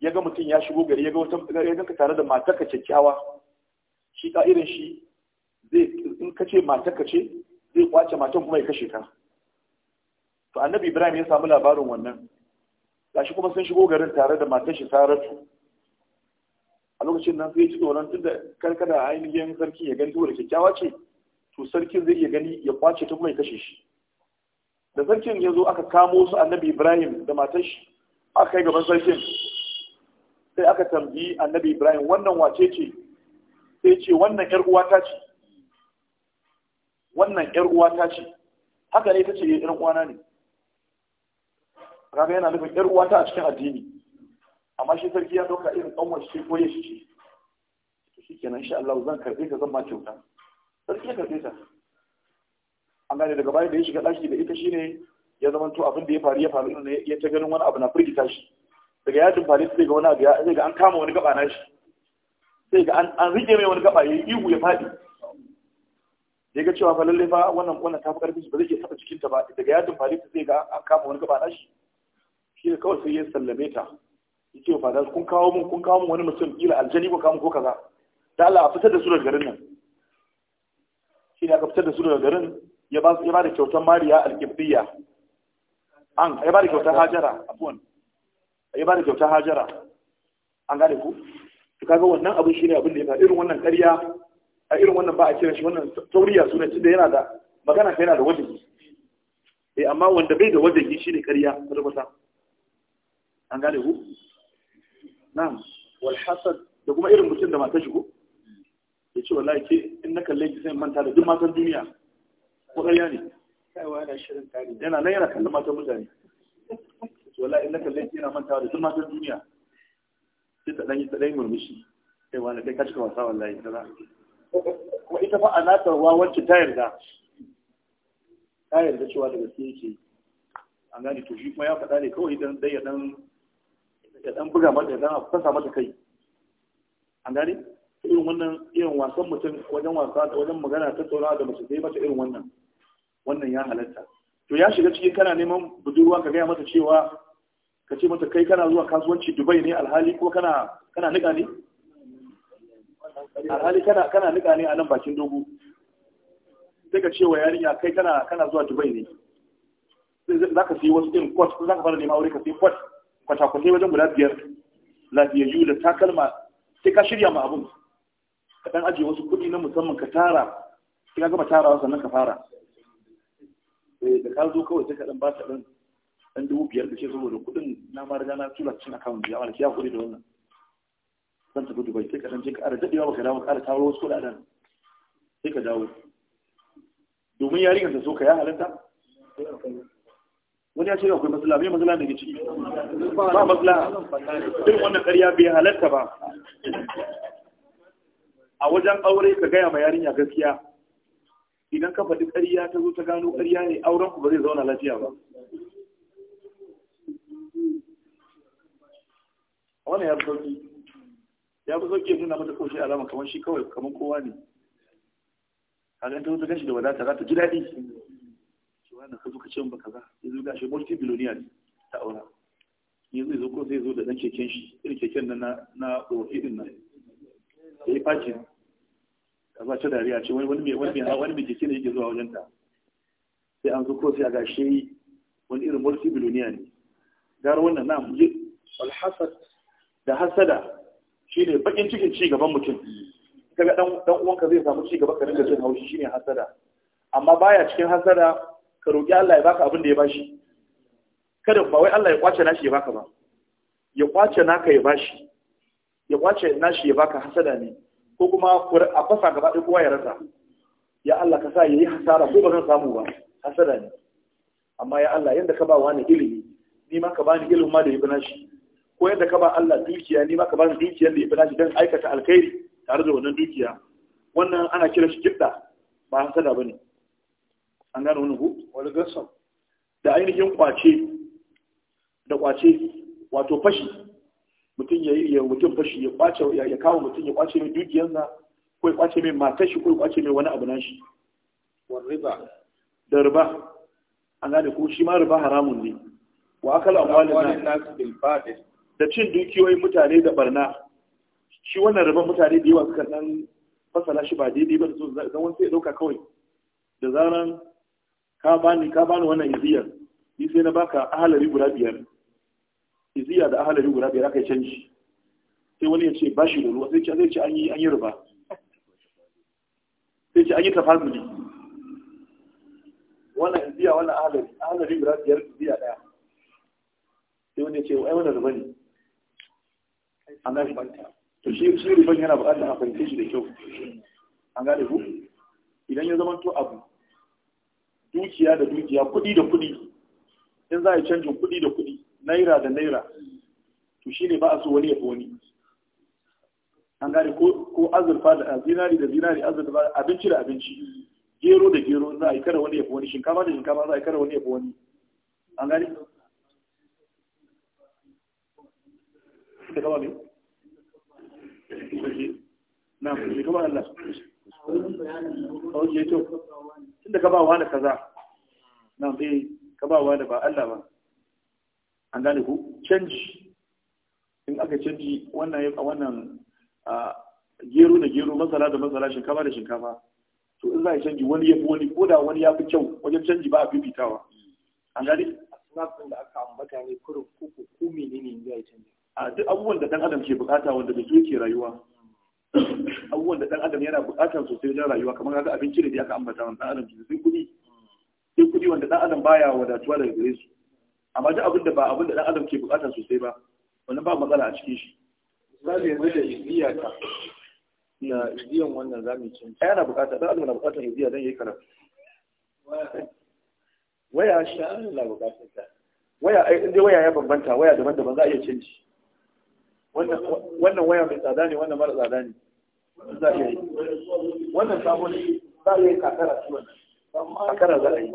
ya ga mutum ya shigo gari ya ga wata ya ganka tare da matarka kyakkyawa shi ka irin shi zai in ka ce matarka ce zai kwace matan kuma ya kashe ka to annabi ibrahim ya samu labarin wannan gashi kuma sun shigo garin tare da matar shi saratu a lokacin nan sai ya ci tsoron tun da karkada ainihin sarki ya gani saboda kyakkyawa ce to sarkin zai iya gani ya kwace ta kuma ya kashe shi da sarkin ya zo aka kamo su annabi ibrahim da matar shi aka yi gaban sarkin sai aka tambayi annabi ibrahim wannan wace ce sai ce wannan yar uwata ce wannan yar uwata ce haka ne ta ce yar eh, uwana ne kaga yana nufin yar uwata a cikin addini amma shi sarki ya dauka irin kanwar shi ko yashi ce shi. shikenan insha Allah zan karbe ka zan ma kyauta sarki ya karbe ta an gane daga baya da ya shiga ɗaki da ita shine ya zama to abin da ya faru ya faru ne ya ta ganin wani abu na firgita shi daga ya dumfare sai ga wani abu ya sai ga an kama wani gaba na shi sai ga an rike mai wani gaba ya yi ihu ya faɗi ya ga cewa fa lalle fa wannan wannan ta fi karfin shi ba zai iya saba cikin ta ba daga ya dumfare ta sai ga an kama wani gaba na shi shi ne kawai sai ya sallame ta ya ce fa kun kawo mun kun kawo mun wani mutum kila aljani ko kamun ko kaza da Allah a fitar da su daga garin nan shi ne aka fitar da su daga garin ya ba ya ba da kyautar mariya alkibdiya an ya ba da kyautar hajara abuwan ya ba da kyautar hajara an gane ku to kaga wannan abin shine abin da ya irin wannan ƙarya a irin wannan ba a kira shi wannan tauriya sunan da yana da magana kai yana da wajibi eh amma wanda bai da wajibi shine ƙarya rubuta an gane ku na'am wal hasad da kuma irin mutum da mata shigo ya ce wallahi ke in na kalle ki sai manta da duk matan duniya ko ƙarya ne yana nan yana kallon matan mutane Wala in na yana mantawa da duk matan duniya sai ta ɗanyi ta ɗanyi murmushi sai wani kai kashi wasa wallahi kaza kuma ita fa a nata ruwa wacce ta yarda ta yarda cewa da gaske yake an gane to shi kuma ya faɗa ne kawai idan dai ya dan ya dan buga mata ya dan fasa mata kai an gane irin wannan irin wasan mutum wajen wasa wajen magana tattaunawa da mace sai mata irin wannan wannan ya halatta to ya shiga cikin kana neman budurwa ka gaya mata cewa ka ce mata kai kana zuwa kasuwanci Dubai ne alhali ko kana kana nika ne alhali kana kana nika ne a nan bakin dogo sai ka ce wa yarinya kai kana kana zuwa Dubai ne za ka siyi wasu irin kwat za ka fara neman aure ka siyi kwat kwata wajen guda biyar lafiyayyu da takalma sai ka shirya ma abun ka dan ajiye wasu kuɗi na musamman ka tara sai ka gama tarawa sannan ka fara eh, da ka zo kawai sai ka dan ba ta dan dan dubu biyar da ke saboda kuɗin na ma riga na tura cin account ya wala ya kuɗi da wannan zan tafi Dubai sai ka dan je ka ara dadewa baka dawo ka ara taro wasu kuɗaɗen sai ka dawo domin yarinyar ta so ka ya halatta wani ya ce akwai matsala mai matsala daga ciki ba matsala irin wannan karya bai halatta ba a wajen aure ka gaya mai yarinya gaskiya idan ka faɗi ƙarya ta zo ta gano ƙarya ne auren ku ba zai zauna lafiya ba wani ya fi sauki ya fi sauki nuna mata kawai alama kamar shi kawai kamar kowa ne a kaga ta zo ta gashi da wadata za ta ji daɗi shi wannan ka zo ka ce ba kaza ya zo gashi multi ne ta aura yanzu zo ko zai zo da ɗan keken shi irin keken na na ɗorafi ɗin nan ya yi fashin ta ba ta dariya ce wani wani wani wani mai jiki ne yake zuwa wajen ta sai an zo ko sai a gashe wani irin mulki biloniya ne gara wannan na mu alhasad da hasada shine bakin cikin ci gaban mutum kaga dan dan uwanka zai samu ci gaba ka rinka jin haushi shine hasada amma baya cikin hasada ka roki Allah ya baka abin da ya bashi kada ba wai Allah ya kwace nashi ya baka ba ya kwace naka ya bashi ya kwace nashi ya baka hasada ne ko kuma a fasa gaba ɗin kowa ya rasa ya Allah ka sa yayi hasara ko ba zan samu ba hasara ne amma ya Allah yanda ka ba wani ilimi ni ma ka bani ilimin ma da yafi nashi ko yanda ka ba Allah dukiya ni ma ka bani dukiyar da yafi nashi dan aikata alkhairi tare da wannan dukiya wannan ana kira shi kidda ba hasada bane an gano wani ku wani gassan da ainihin kwace da kwace wato fashi mutum ya yi ya mutum fashi ya kwace ya kawo mutum ya kwace mai dukiyarsa ko ya kwace mai matar shi ko ya kwace mai wani abu na shi war riba da riba an gane ko shi ma riba haramun ne wa akal amwalin nas bil da cin dukiyoyin mutane da barna shi wannan riban mutane da yawa suka dan fasala shi ba daidai ba da so zan wani sai ya dauka kawai da zaran ka bani ka bani wannan iziyar ni sai na baka ahalari guda biyar iziya da ahalari guda biyar aka canji sai wani ya ce ba shi da ruwa sai ce an yi an yi ruba sai ce an yi tafazuli wannan iziya wannan ahalar ahalari guda biyar iziya daya sai wani ya ce ai wannan ruba ne an gashi to shi shi ruban yana buƙatar a fahimce shi da kyau an gane ku idan ya zama to abu dukiya da dukiya kuɗi da kuɗi in za a yi canjin kuɗi da kuɗi naira da naira to shi ne ba a so wani ya fi wani an gane ko azurfa da zinari da zinari azurfa abinci da abinci gero da gero za a yi kara wani ya fi wani shinkafa da shinkafa za a yi kara wani ya fi wani an gane ne na Allah to tun da ka ba wa da kaza na bai eh, ka ba wa da ba Allah ba an gane ku canji in aka canji wannan ya wannan gero da gero masara da masara shinkafa da shinkafa to in za a canji wani ya fi wani ko da wani ya fi kyau wajen canji ba a fifitawa an gane asnafin da aka ambata ne kurin kuku ko menene ne ya canji a duk abubuwan da dan adam ke bukata wanda da su ke rayuwa hmm. abubuwan da dan adam yana bukatar sosai wajen rayuwa kamar haka abinci da aka ambata wanda dan adam ke sai kudi hmm. sai kudi wanda dan adam baya wadatuwa daga gare su amma duk abin da ba abin da dan adam ke bukata sosai ba wannan ba matsala a cikin shi misali yanzu da iziya ta na iziyan wannan zamu ci ai ana bukata dan adam na bukatar iziya dan yayi karatu waya shi la bukatar ta waya ai inda waya ya bambanta waya daban-daban za a iya canji wannan waya mai tsada ne wannan mara tsada ne za a iya yi wannan sabon za a iya kakara su wannan kakara za a yi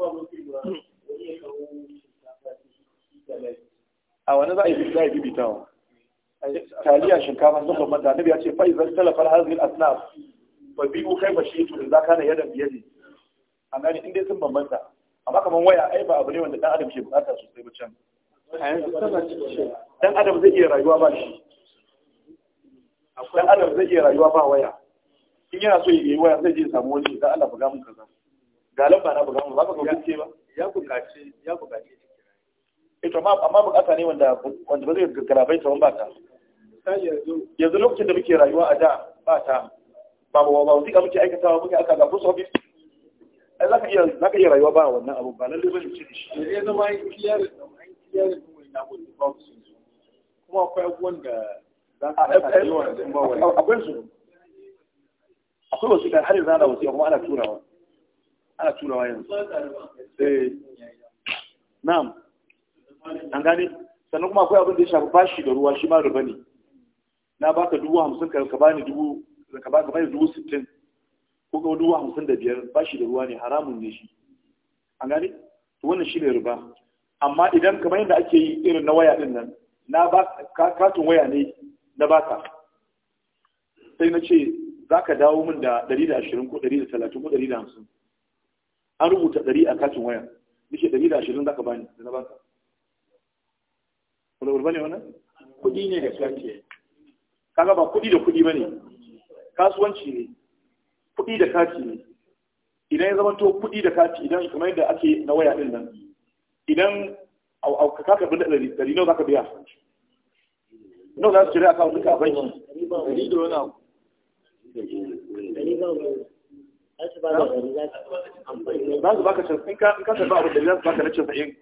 a wani za a yi za a yi bitawa taliya shinkafa sun da nabi ya ce fa idan talafar hazin asnaf fa Ba biyu kai za to na yadda biyar ne. a gani inda sun bambanta amma kamar waya ai ba abu ne wanda dan adam ke bukata sosai ba can dan adam zai iya rayuwa ba shi dan adam zai iya rayuwa ba waya in yana so yi waya zai je samu wani dan Allah buga mun kaza galan ba na buga mun ba ka ga ba ya bukaci ya bukaci ita eh, amma bukata ne wanda wanda ba zai bai ta ba ta yanzu lokacin da muke rayuwa a da ba ta ba ba ba ka muke ba muke aka ga ko sobi ai zaka iya zaka iya rayuwa ba wannan abu ba lalle bane ce shi ne zama an kiyar an kiyar da wannan abu ba su kuma akwai abubuwan da za ka yi wannan ba wani akwai su akwai wasu kan har yanzu ana wasu kuma ana turawa ana turawa yanzu eh na'am an gane sannan kuma akwai abin da ya shafi bashi da ruwa shi ma ruba ne na ba ka dubu hamsin ka ba ni dubu ka bani dubu sittin ko ka dubu hamsin da biyar bashi da ruwa ne haramun ne shi an gane to wannan shi ne ruba. amma idan kamar yadda ake yi irin na waya din nan na ba katin waya ne na ba ka. sai na ce za ka dawo min da da ashirin ko da talatin ko da hamsin. an rubuta ɗari a katin waya nake ashirin za ka bani da na ba ka. wani bane wannan kuɗi ne da kake kaga ba kuɗi da kuɗi ne? kasuwanci ne kuɗi da kati ne idan ya zama to kuɗi da kati idan kamar yadda ake na waya din nan idan au ka kaka bin da ɗari nawa zaka biya nawa za su cire akawun duka a banki ɗari da wani abu za su baka can in ka ba abu da za su baka na cin casa'in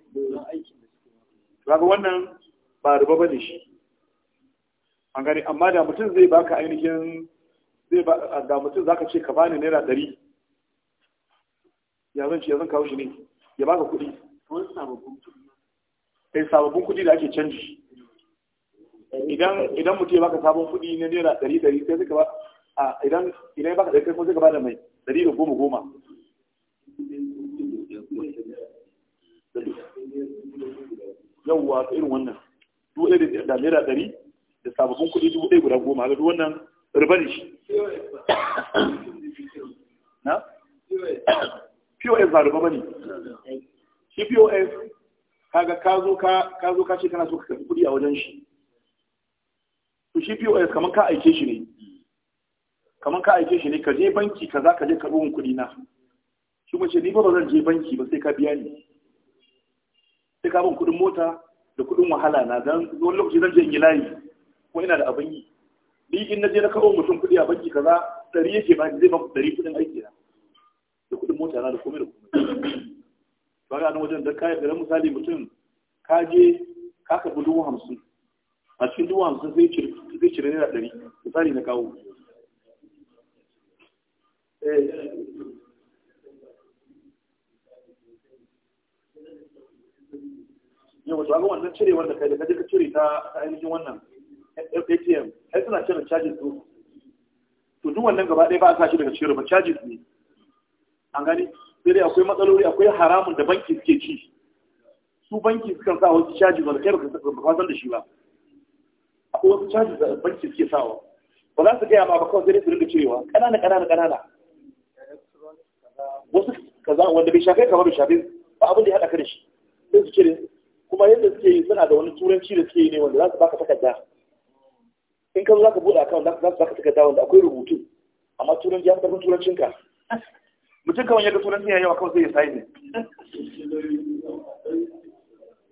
kaga wannan ba riba bane shi an gani amma da mutum zai baka ainihin zai ba da mutum zaka ce ka bani naira ɗari ya zan ce ya zan kawo shi ne ya baka kuɗi kai eh, sababbin kuɗi da ake canji idan idan mutum ya baka sabon kuɗi na naira ɗari ɗari sai suka ba a idan idan ya baka ɗari kai kuma suka ba da mai ɗari da goma goma yawwa irin wannan dubu ɗaya da naira ɗari da sababbin kuɗi dubu ɗaya guda goma ga wannan riba ne shi na pos ba riba ba ne shi pos kaga ka zo ka zo ka ce kana so ka karɓi kuɗi a wajen shi to shi pos kamar ka aike shi ne kamar ka aike shi ne ka je banki kaza ka je karɓi min kuɗi na shi kuma ni ba ba zan je banki ba sai ka biya ni sai ka bin kuɗin mota da kudin wahala na dan wani lokaci zan je in yi layi ko ina da abin yi ni in na je na kawo mutum kuɗi a banki kaza ɗari yake ba zai ba ɗari kuɗin aiki na da kudin mota na da komai da komai ba ga wajen da kayan da misali mutum ka je ka karɓi dubu hamsin a cikin dubu hamsin zai cire zai cire naira dari misali na kawo eh. yau to ga wannan cire wanda kai da kaje ka cire ta ainihin wannan ATM ai suna cire charges to to duk wannan gaba ɗaya ba a sa shi daga cire ba charges ne an gani sai dai akwai matsaloli akwai haramun da banki suke ci su banki sukan sa wasu charges wanda kai baka san da shi ba akwai wasu charges da banki suke sawa ba za su gaya ma ba kawai sai dai su rinka cirewa ƙanana ƙanana ƙanana wasu kaza wanda bai shafe kamar bai shafe ba abin da ya haɗa ka da shi sai su cire kuma yadda suke yi suna da wani turanci da suke yi ne wanda za su baka takarda in ka zo za ka buɗe akawun za su baka takarda wanda akwai rubutu amma turanci ya fi turancinka mutum kawai ya ga turanci ya yawa kawai zai ya sayi ne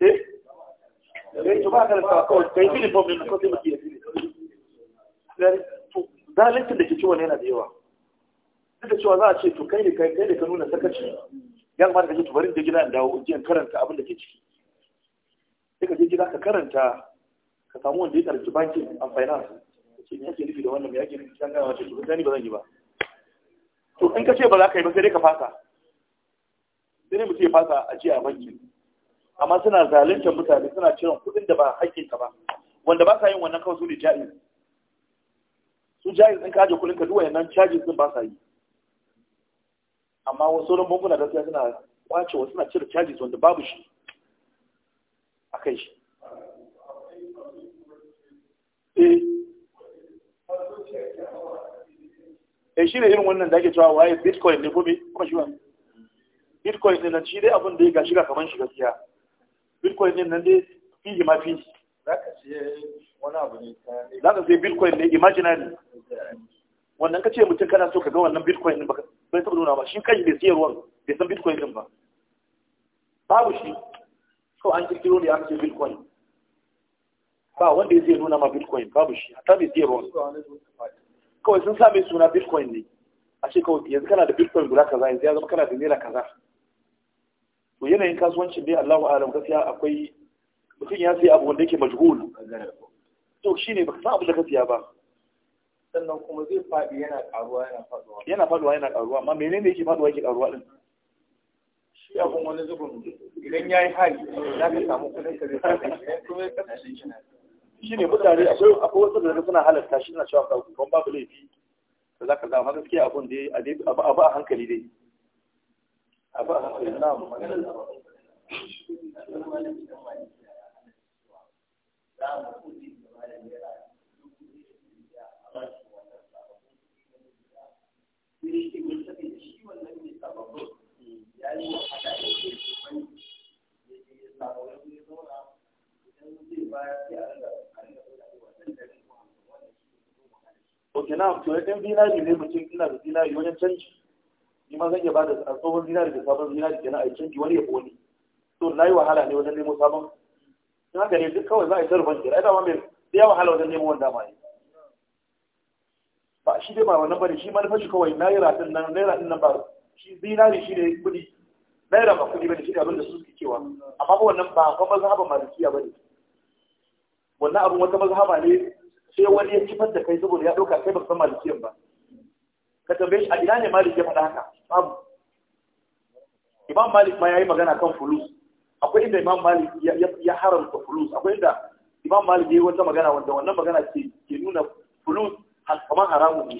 eh eh to ba ka da kawai kai fili fom ne kawai mutum ya fili zalincin da ke ciwon yana da yawa duk da cewa za a ce to kai ne kai da ka nuna sakaci ya kamata ka ce tubarin da gida in dawo in karanta abin da ke ciki sai ka je gida ka karanta ka samu wanda ya karanci bankin a finance ce ni ake nufi da wannan mai ke nufi can gaya wace shugaba ba zan yi ba to in ka ce ba za ka yi ba sai dai ka fasa sai ne mutum ya fasa a ce a banki amma suna zaluntar mutane suna cewa kuɗin da ba haƙƙinka ba wanda ba sa yin wannan kawai su ne ja'iz su ja'iz ɗin kaje kuɗin ka duwa nan caji sun ba sa yi amma wasu sauran bankuna gaskiya suna kwace wasu suna cire cajis wanda babu shi kan shi eh shi ne irin wannan da ake cewa waye bitcoin ne gobe kuma shi ba bitcoin ne nan shi dai abin da ya gashi ga kaman shi gaskiya bitcoin ne nan dai fiye ma fiye za ka sai bitcoin ne imaginary wannan ka ce mutum kana so ka ga wannan bitcoin ne ba bai taɓa nuna ba shi kan bai siyarwan bai san bitcoin ɗin ba babu shi kawai an kirkiro ne an ce bitcoin ba wanda ya zai nuna ma bitcoin babu shi ta bai zai kawai sun same suna bitcoin ne a ce kawai yanzu kana da bitcoin guda kaza yanzu ya zama kana da naira kaza to yanayin kasuwancin dai Allahu alam gaskiya akwai mutum ya sai abu wanda yake majhul to shine baka san abu da ka siya ba sannan kuma zai faɗi yana ƙaruwa yana faɗuwa yana faɗuwa yana ƙaruwa amma menene yake faɗuwa yake ƙaruwa din shi wani zubin idan ya yi hari za ka samu kudin ka zai shi ne mutane akwai wasu da suna halarta shi na cewa kan babu laifi za ka zama gaskiya abun da a ba a hankali dai a a hankali na ya ce ce ya a rinda a rinda da na to zinari ne mutum ina da zinari wajen canji ni ma zan iya ba da tsohon zinari da sabon zinari kenan a yi canji wani ya ƙone to na yi wahala ne wajen nemo sabon in haka ne duk kawai za a yi tarban kira ai dama mai ya wahala wajen nemo wanda ma ne ba shi dai ba wannan bane shi manufar shi kawai na yi ratin nan yi din nan ba shi zinari shi ne kudi naira ba kudi bane shi ne abin da su suke cewa amma ba wannan ba kuma mazhaban malikiya bane wannan abin wata mazhaba ne sai wani ya kifar da kai saboda ya dauka kai ba san malikiyan ba ka tambaye shi a ina ne malik ya faɗa haka babu imam malik ma yayi magana kan fulus akwai inda imam malik ya haramta fulus akwai inda imam malik ya yi wata magana wanda wannan magana ke nuna fulus kamar haramun ne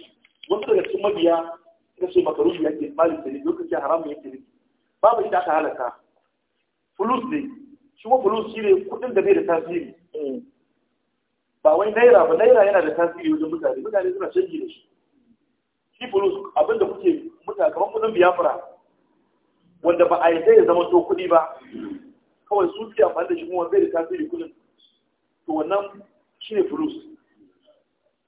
wasu daga cikin mabiya kace makaruhi yake mali sai haramun haramu yake ne babu ita aka halaka fulus ne shi kuma fulus shi ne kudin da bai da tasiri mm. ba wai naira ba naira yana da tasiri wajen mutane mutane suna canji da shi shi fulus abinda kuke mutane kamar kudin biyafura. wanda ba a yi ya zama to kudi ba kawai su fi amfani da shi kuma bai da tasiri kudin to wannan shi ne fulus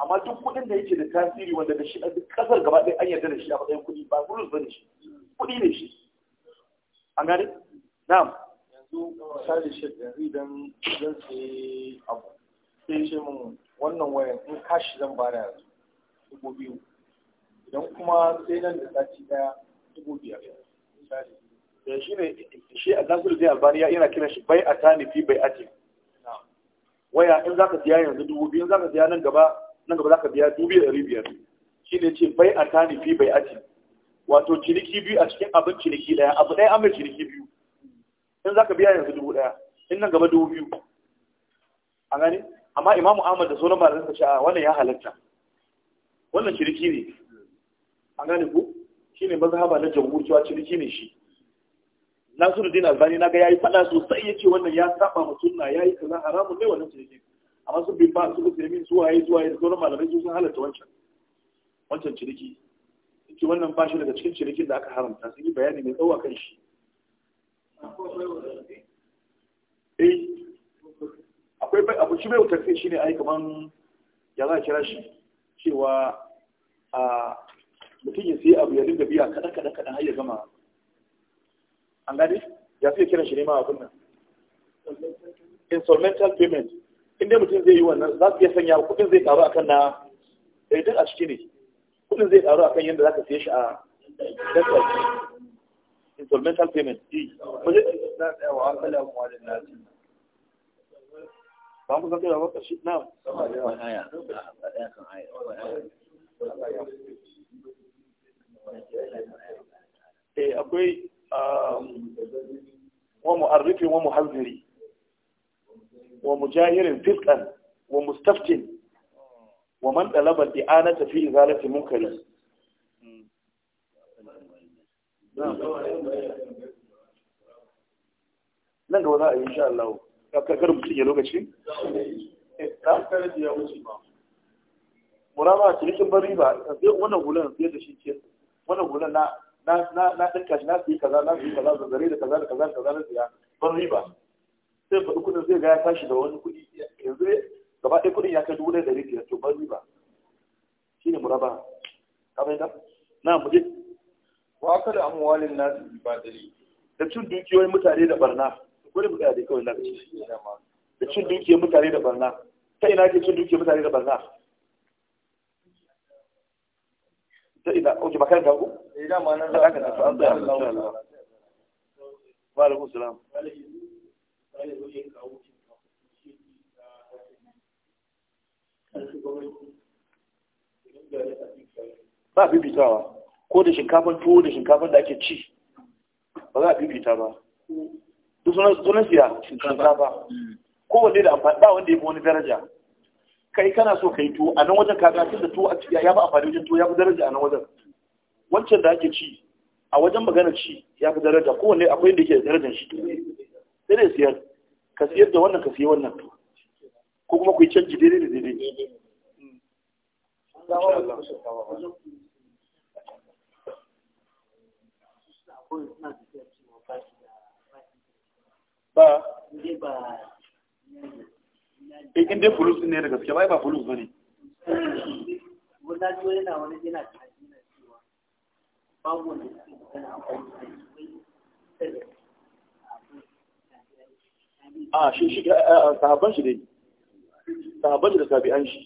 amma duk kuɗin da yake da tasiri wanda da shi a duk ƙasar gaba ɗaya an yarda da shi a matsayin kuɗi ba gurus ba ne shi kudi ne shi an gane na'am yanzu misali shi yanzu idan zan sayi abu sai ce mun wannan wayan in kashi zan bada yanzu dubu biyu idan kuma sai nan da sati ɗaya dubu biyar da eh, shi ne shi a zankulu zai albaniya yana kiran shi bai a tani fi bai ati waya in za ka siya yanzu dubu biyu in za ka siya nan gaba nan gaba za ka biya dubi ɗari biyar shi ne ce bai a tani fi bai aji wato ciniki biyu a cikin abin ciniki ɗaya abu ɗaya an mai ciniki biyu in za ka biya yanzu dubu ɗaya in nan gaba dubu biyu a gani amma imamu ahmad da sauran malamin ka a wannan ya halatta wannan ciniki ne a gani ku shi ne mazhaba na jamhur cewa ciniki ne shi Nasiru din albani na ga yayi faɗa sosai ya ce wannan ya saba ma ya yayi kaza haramun ne wannan ciniki amma su bi ba su musulmi su waye su waye da sauran malamai su sun halatta wancan wancan ciniki ciki wannan ba shi daga cikin cinikin da aka haramta sun yi bayani mai tsawo kan shi eh akwai abu shi bai shi sai shine ai kamar ya za a kira shi cewa a mutum ya sai abu ya dinga biya kaɗan kaɗan kaɗan har ya gama an gani, ya sai kiran shi ne ma abin nan instrumental payment inda mutum zai yi wannan za su iya sanya kudin zai karu kan na sai a ciki ne kuɗin zai karu kan yadda za ka siye shi a network instrumental payment e muje zai tsayawa akwai um, wa mujahirin fiskan wa mustaftin wa man dalabar i'ana tafi izalati munkari nan gaba za a yi insha Allah kakar mutum ya lokaci? murama cinikin bari ba wannan hulan sai da shi ke wannan hulan na na na na dinka shi na na yi kaza na su kaza da zare da kaza da kaza na kaza ban riba sai faɗi kudin zai ga ya tashi da wani kuɗi yanzu gaba ɗaya kudin ya kai dubu ɗaya ɗari biyar to ban riba shi ne muraba ka fahimta na muje wa aka da amwalin na su, da cin dukiyoyin mutane da barna gurin mu ɗaya dai kawai na da cin dukiyoyin mutane da barna ta ina ke cin dukiyoyin mutane da barna ta ina oke da ku? Ina eh, ma nan za ka tafi an tsaya. Wa alaikum salam. ba bibitawa ko da shinkafin tuwo da shinkafin da ake ci ba za a bibita ba duk sunan siya shinkafa kowanne da amfani ba wanda ya fi wani daraja kai kana so kai tuwo a nan wajen kaga tun da tuwo a ciki ya fi amfani wajen tuwo ya fi daraja a nan wajen wancan da ake ci a wajen magana ci ya fi daraja kowanne akwai da ke da darajar shi sai siyar ka siyar da wannan ka siya wannan to ko kuma ku yi canji daidai da daidai ba in dai eh, fulus ne da gaske ba ba fulus ba ne wanda jiyo yana wani yana a shi shi eh, eh, sahabban shi dai sahabban shi da tabi'an shi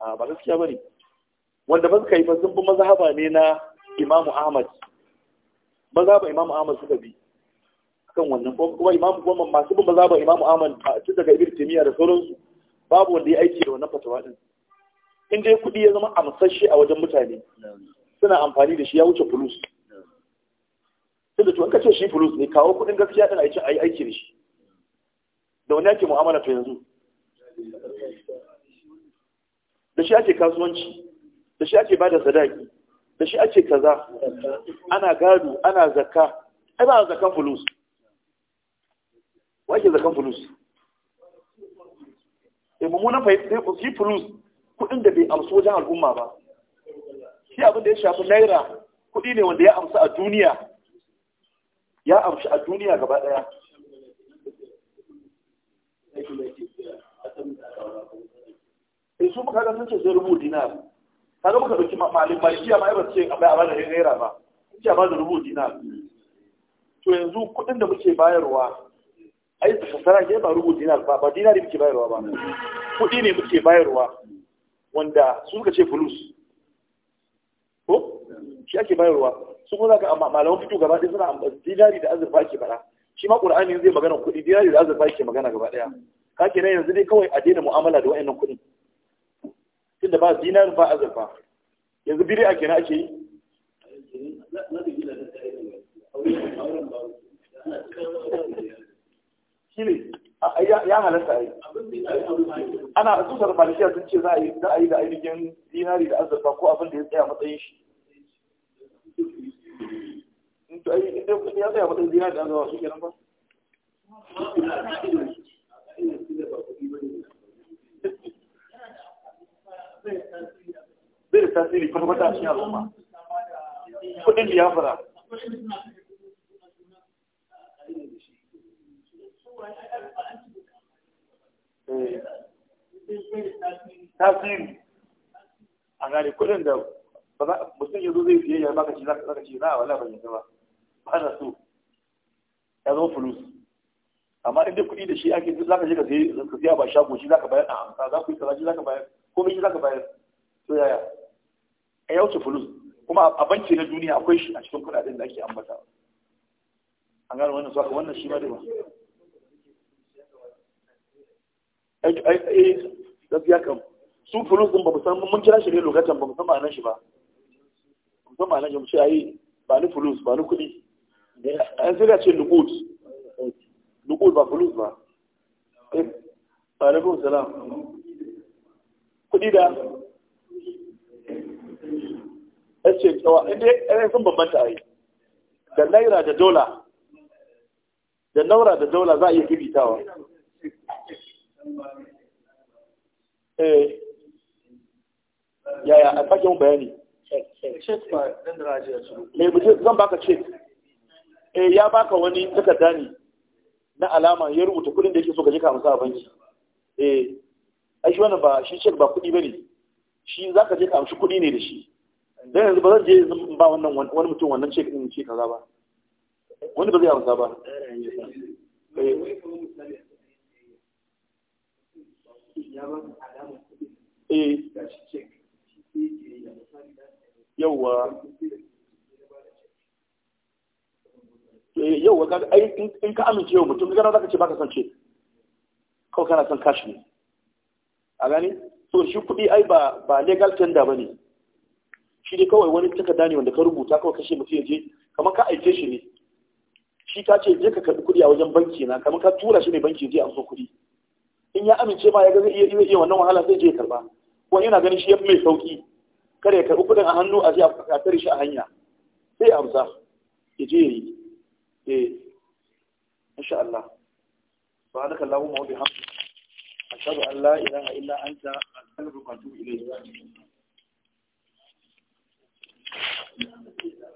a ba gaskiya bane wanda ba su kai fa sun bi mazhaba ne na Imam Ahmad mazhaba Imam Ahmad suka bi kan wannan kuma Imam goma masu bin mazhaba Imam Ahmad tun daga Ibn timiya da sauransu babu wanda ya aiki da wannan fatawa din in dai kuɗi ya zama amsashi a wajen mutane suna amfani da shi ya wuce fulus sai da tuwon ka ce shi fulus ne kawo kuɗin gaskiya ɗin a yi aiki da shi da wani ake mu'amala ta yanzu da shi ake kasuwanci da shi ake bada sadaki da shi ake kaza ana gado ana zakka ai ba zakkan fulus wa ke zakkan fulus eh mummunan fahimta shi fulus kuɗin da bai amsu wajen al'umma ba shi abin da ya shafi naira kuɗi ne wanda ya amsa a duniya ya amshi a duniya gaba daya ya eh, su muka sun ce sai rubu dinar ga muka dauki malin malikiya ma ba ce a ba da gaira ba ce a ba da rubu dinar to yanzu kuɗin da muke bayarwa ai da kasara ke ba rubu dinar ba ba dinari muke bayarwa ba kuɗi ne muke bayarwa wanda su muka ce fulus ko shi ake bayarwa sun kuma ga malaman fito gaba ɗaya suna ambata dinari da azurfa ke bara shi ma qur'ani zai magana kuɗi dinari da azurfa ke magana gaba ɗaya ka kenan yanzu dai kawai a daina mu'amala da wa'annan kuɗin tunda ba dinari ba azurfa yanzu bid'a kenan ake yi shine ya halatta yi ana tutar malishiya sun ce za a yi da ainihin dinari da azurfa ko abin da ya tsaya matsayin shi to ai inda da ba tasiri kuma shi al'umma kudin liyafara eh. tasiri a gane kudin da mutum yanzu zai fiye ya baka ci wala ba na so ya zama fulus amma inda kuɗi da shi ake za ka shiga ka sai ka siya ba shago shi za ka bayar a hamsa za ku yi kaza shi za ka bayar komai shi za ka bayar to yaya a yau ce fulus kuma a banki na duniya akwai shi a cikin kuɗaɗen da ake ambata an gano wannan saka wannan shi ma da ba ai eh, gaskiya kam su fulus din ba mu san mun kira shi ne lokacin ba mu san ma'anar shi ba mu san ma'anar shi mu ce ba ni fulus ba ni kuɗi an eh, sai da ce lukud lukud ba fulus ba eh, alaikun salam kudi da yace eh, tsawa inda yanayin sun bambanta a yi da naira da dola da naura da dola za a iya fifitawa eh yaya a sake mun bayani mai mutum zan baka ce eh ya baka wani takarda ne na alama ya rubuta kudin da yake so ka je ka amsa a banki eh ai shi wannan ba shi cek ba kudi bane shi zaka je ka amshi kudi ne da shi dan yanzu ba zan je ba wannan wani mutum wannan cek din ce kaza ba wani ba zai amsa ba eh, eh. yawwa Eh, yau ga in ka amince yau mutum gara zaka ce baka san ce kawai kana son kashi ne a gani so shi kuɗi ai ba ba legal tender bane shi dai kawai wani takarda ne wanda ka rubuta kawai kashe mutum ya je kamar ka aike shi ne shi ka ce je ka karɓi kuɗi a wajen banki na kamar ka tura shi ne banki je an so kuɗi in ya amince ma ya ga zai iya wannan wahala zai je ya karba ko yana ganin shi ya fi mai sauki kada ya karɓi kuɗin a hannu a je a tare shi a hanya sai amsa ya je ya yi eh insha Allah سبحانك اللهم وبحمدك أشهد أن لا إله إلا أنت أستغفرك وأتوب إليك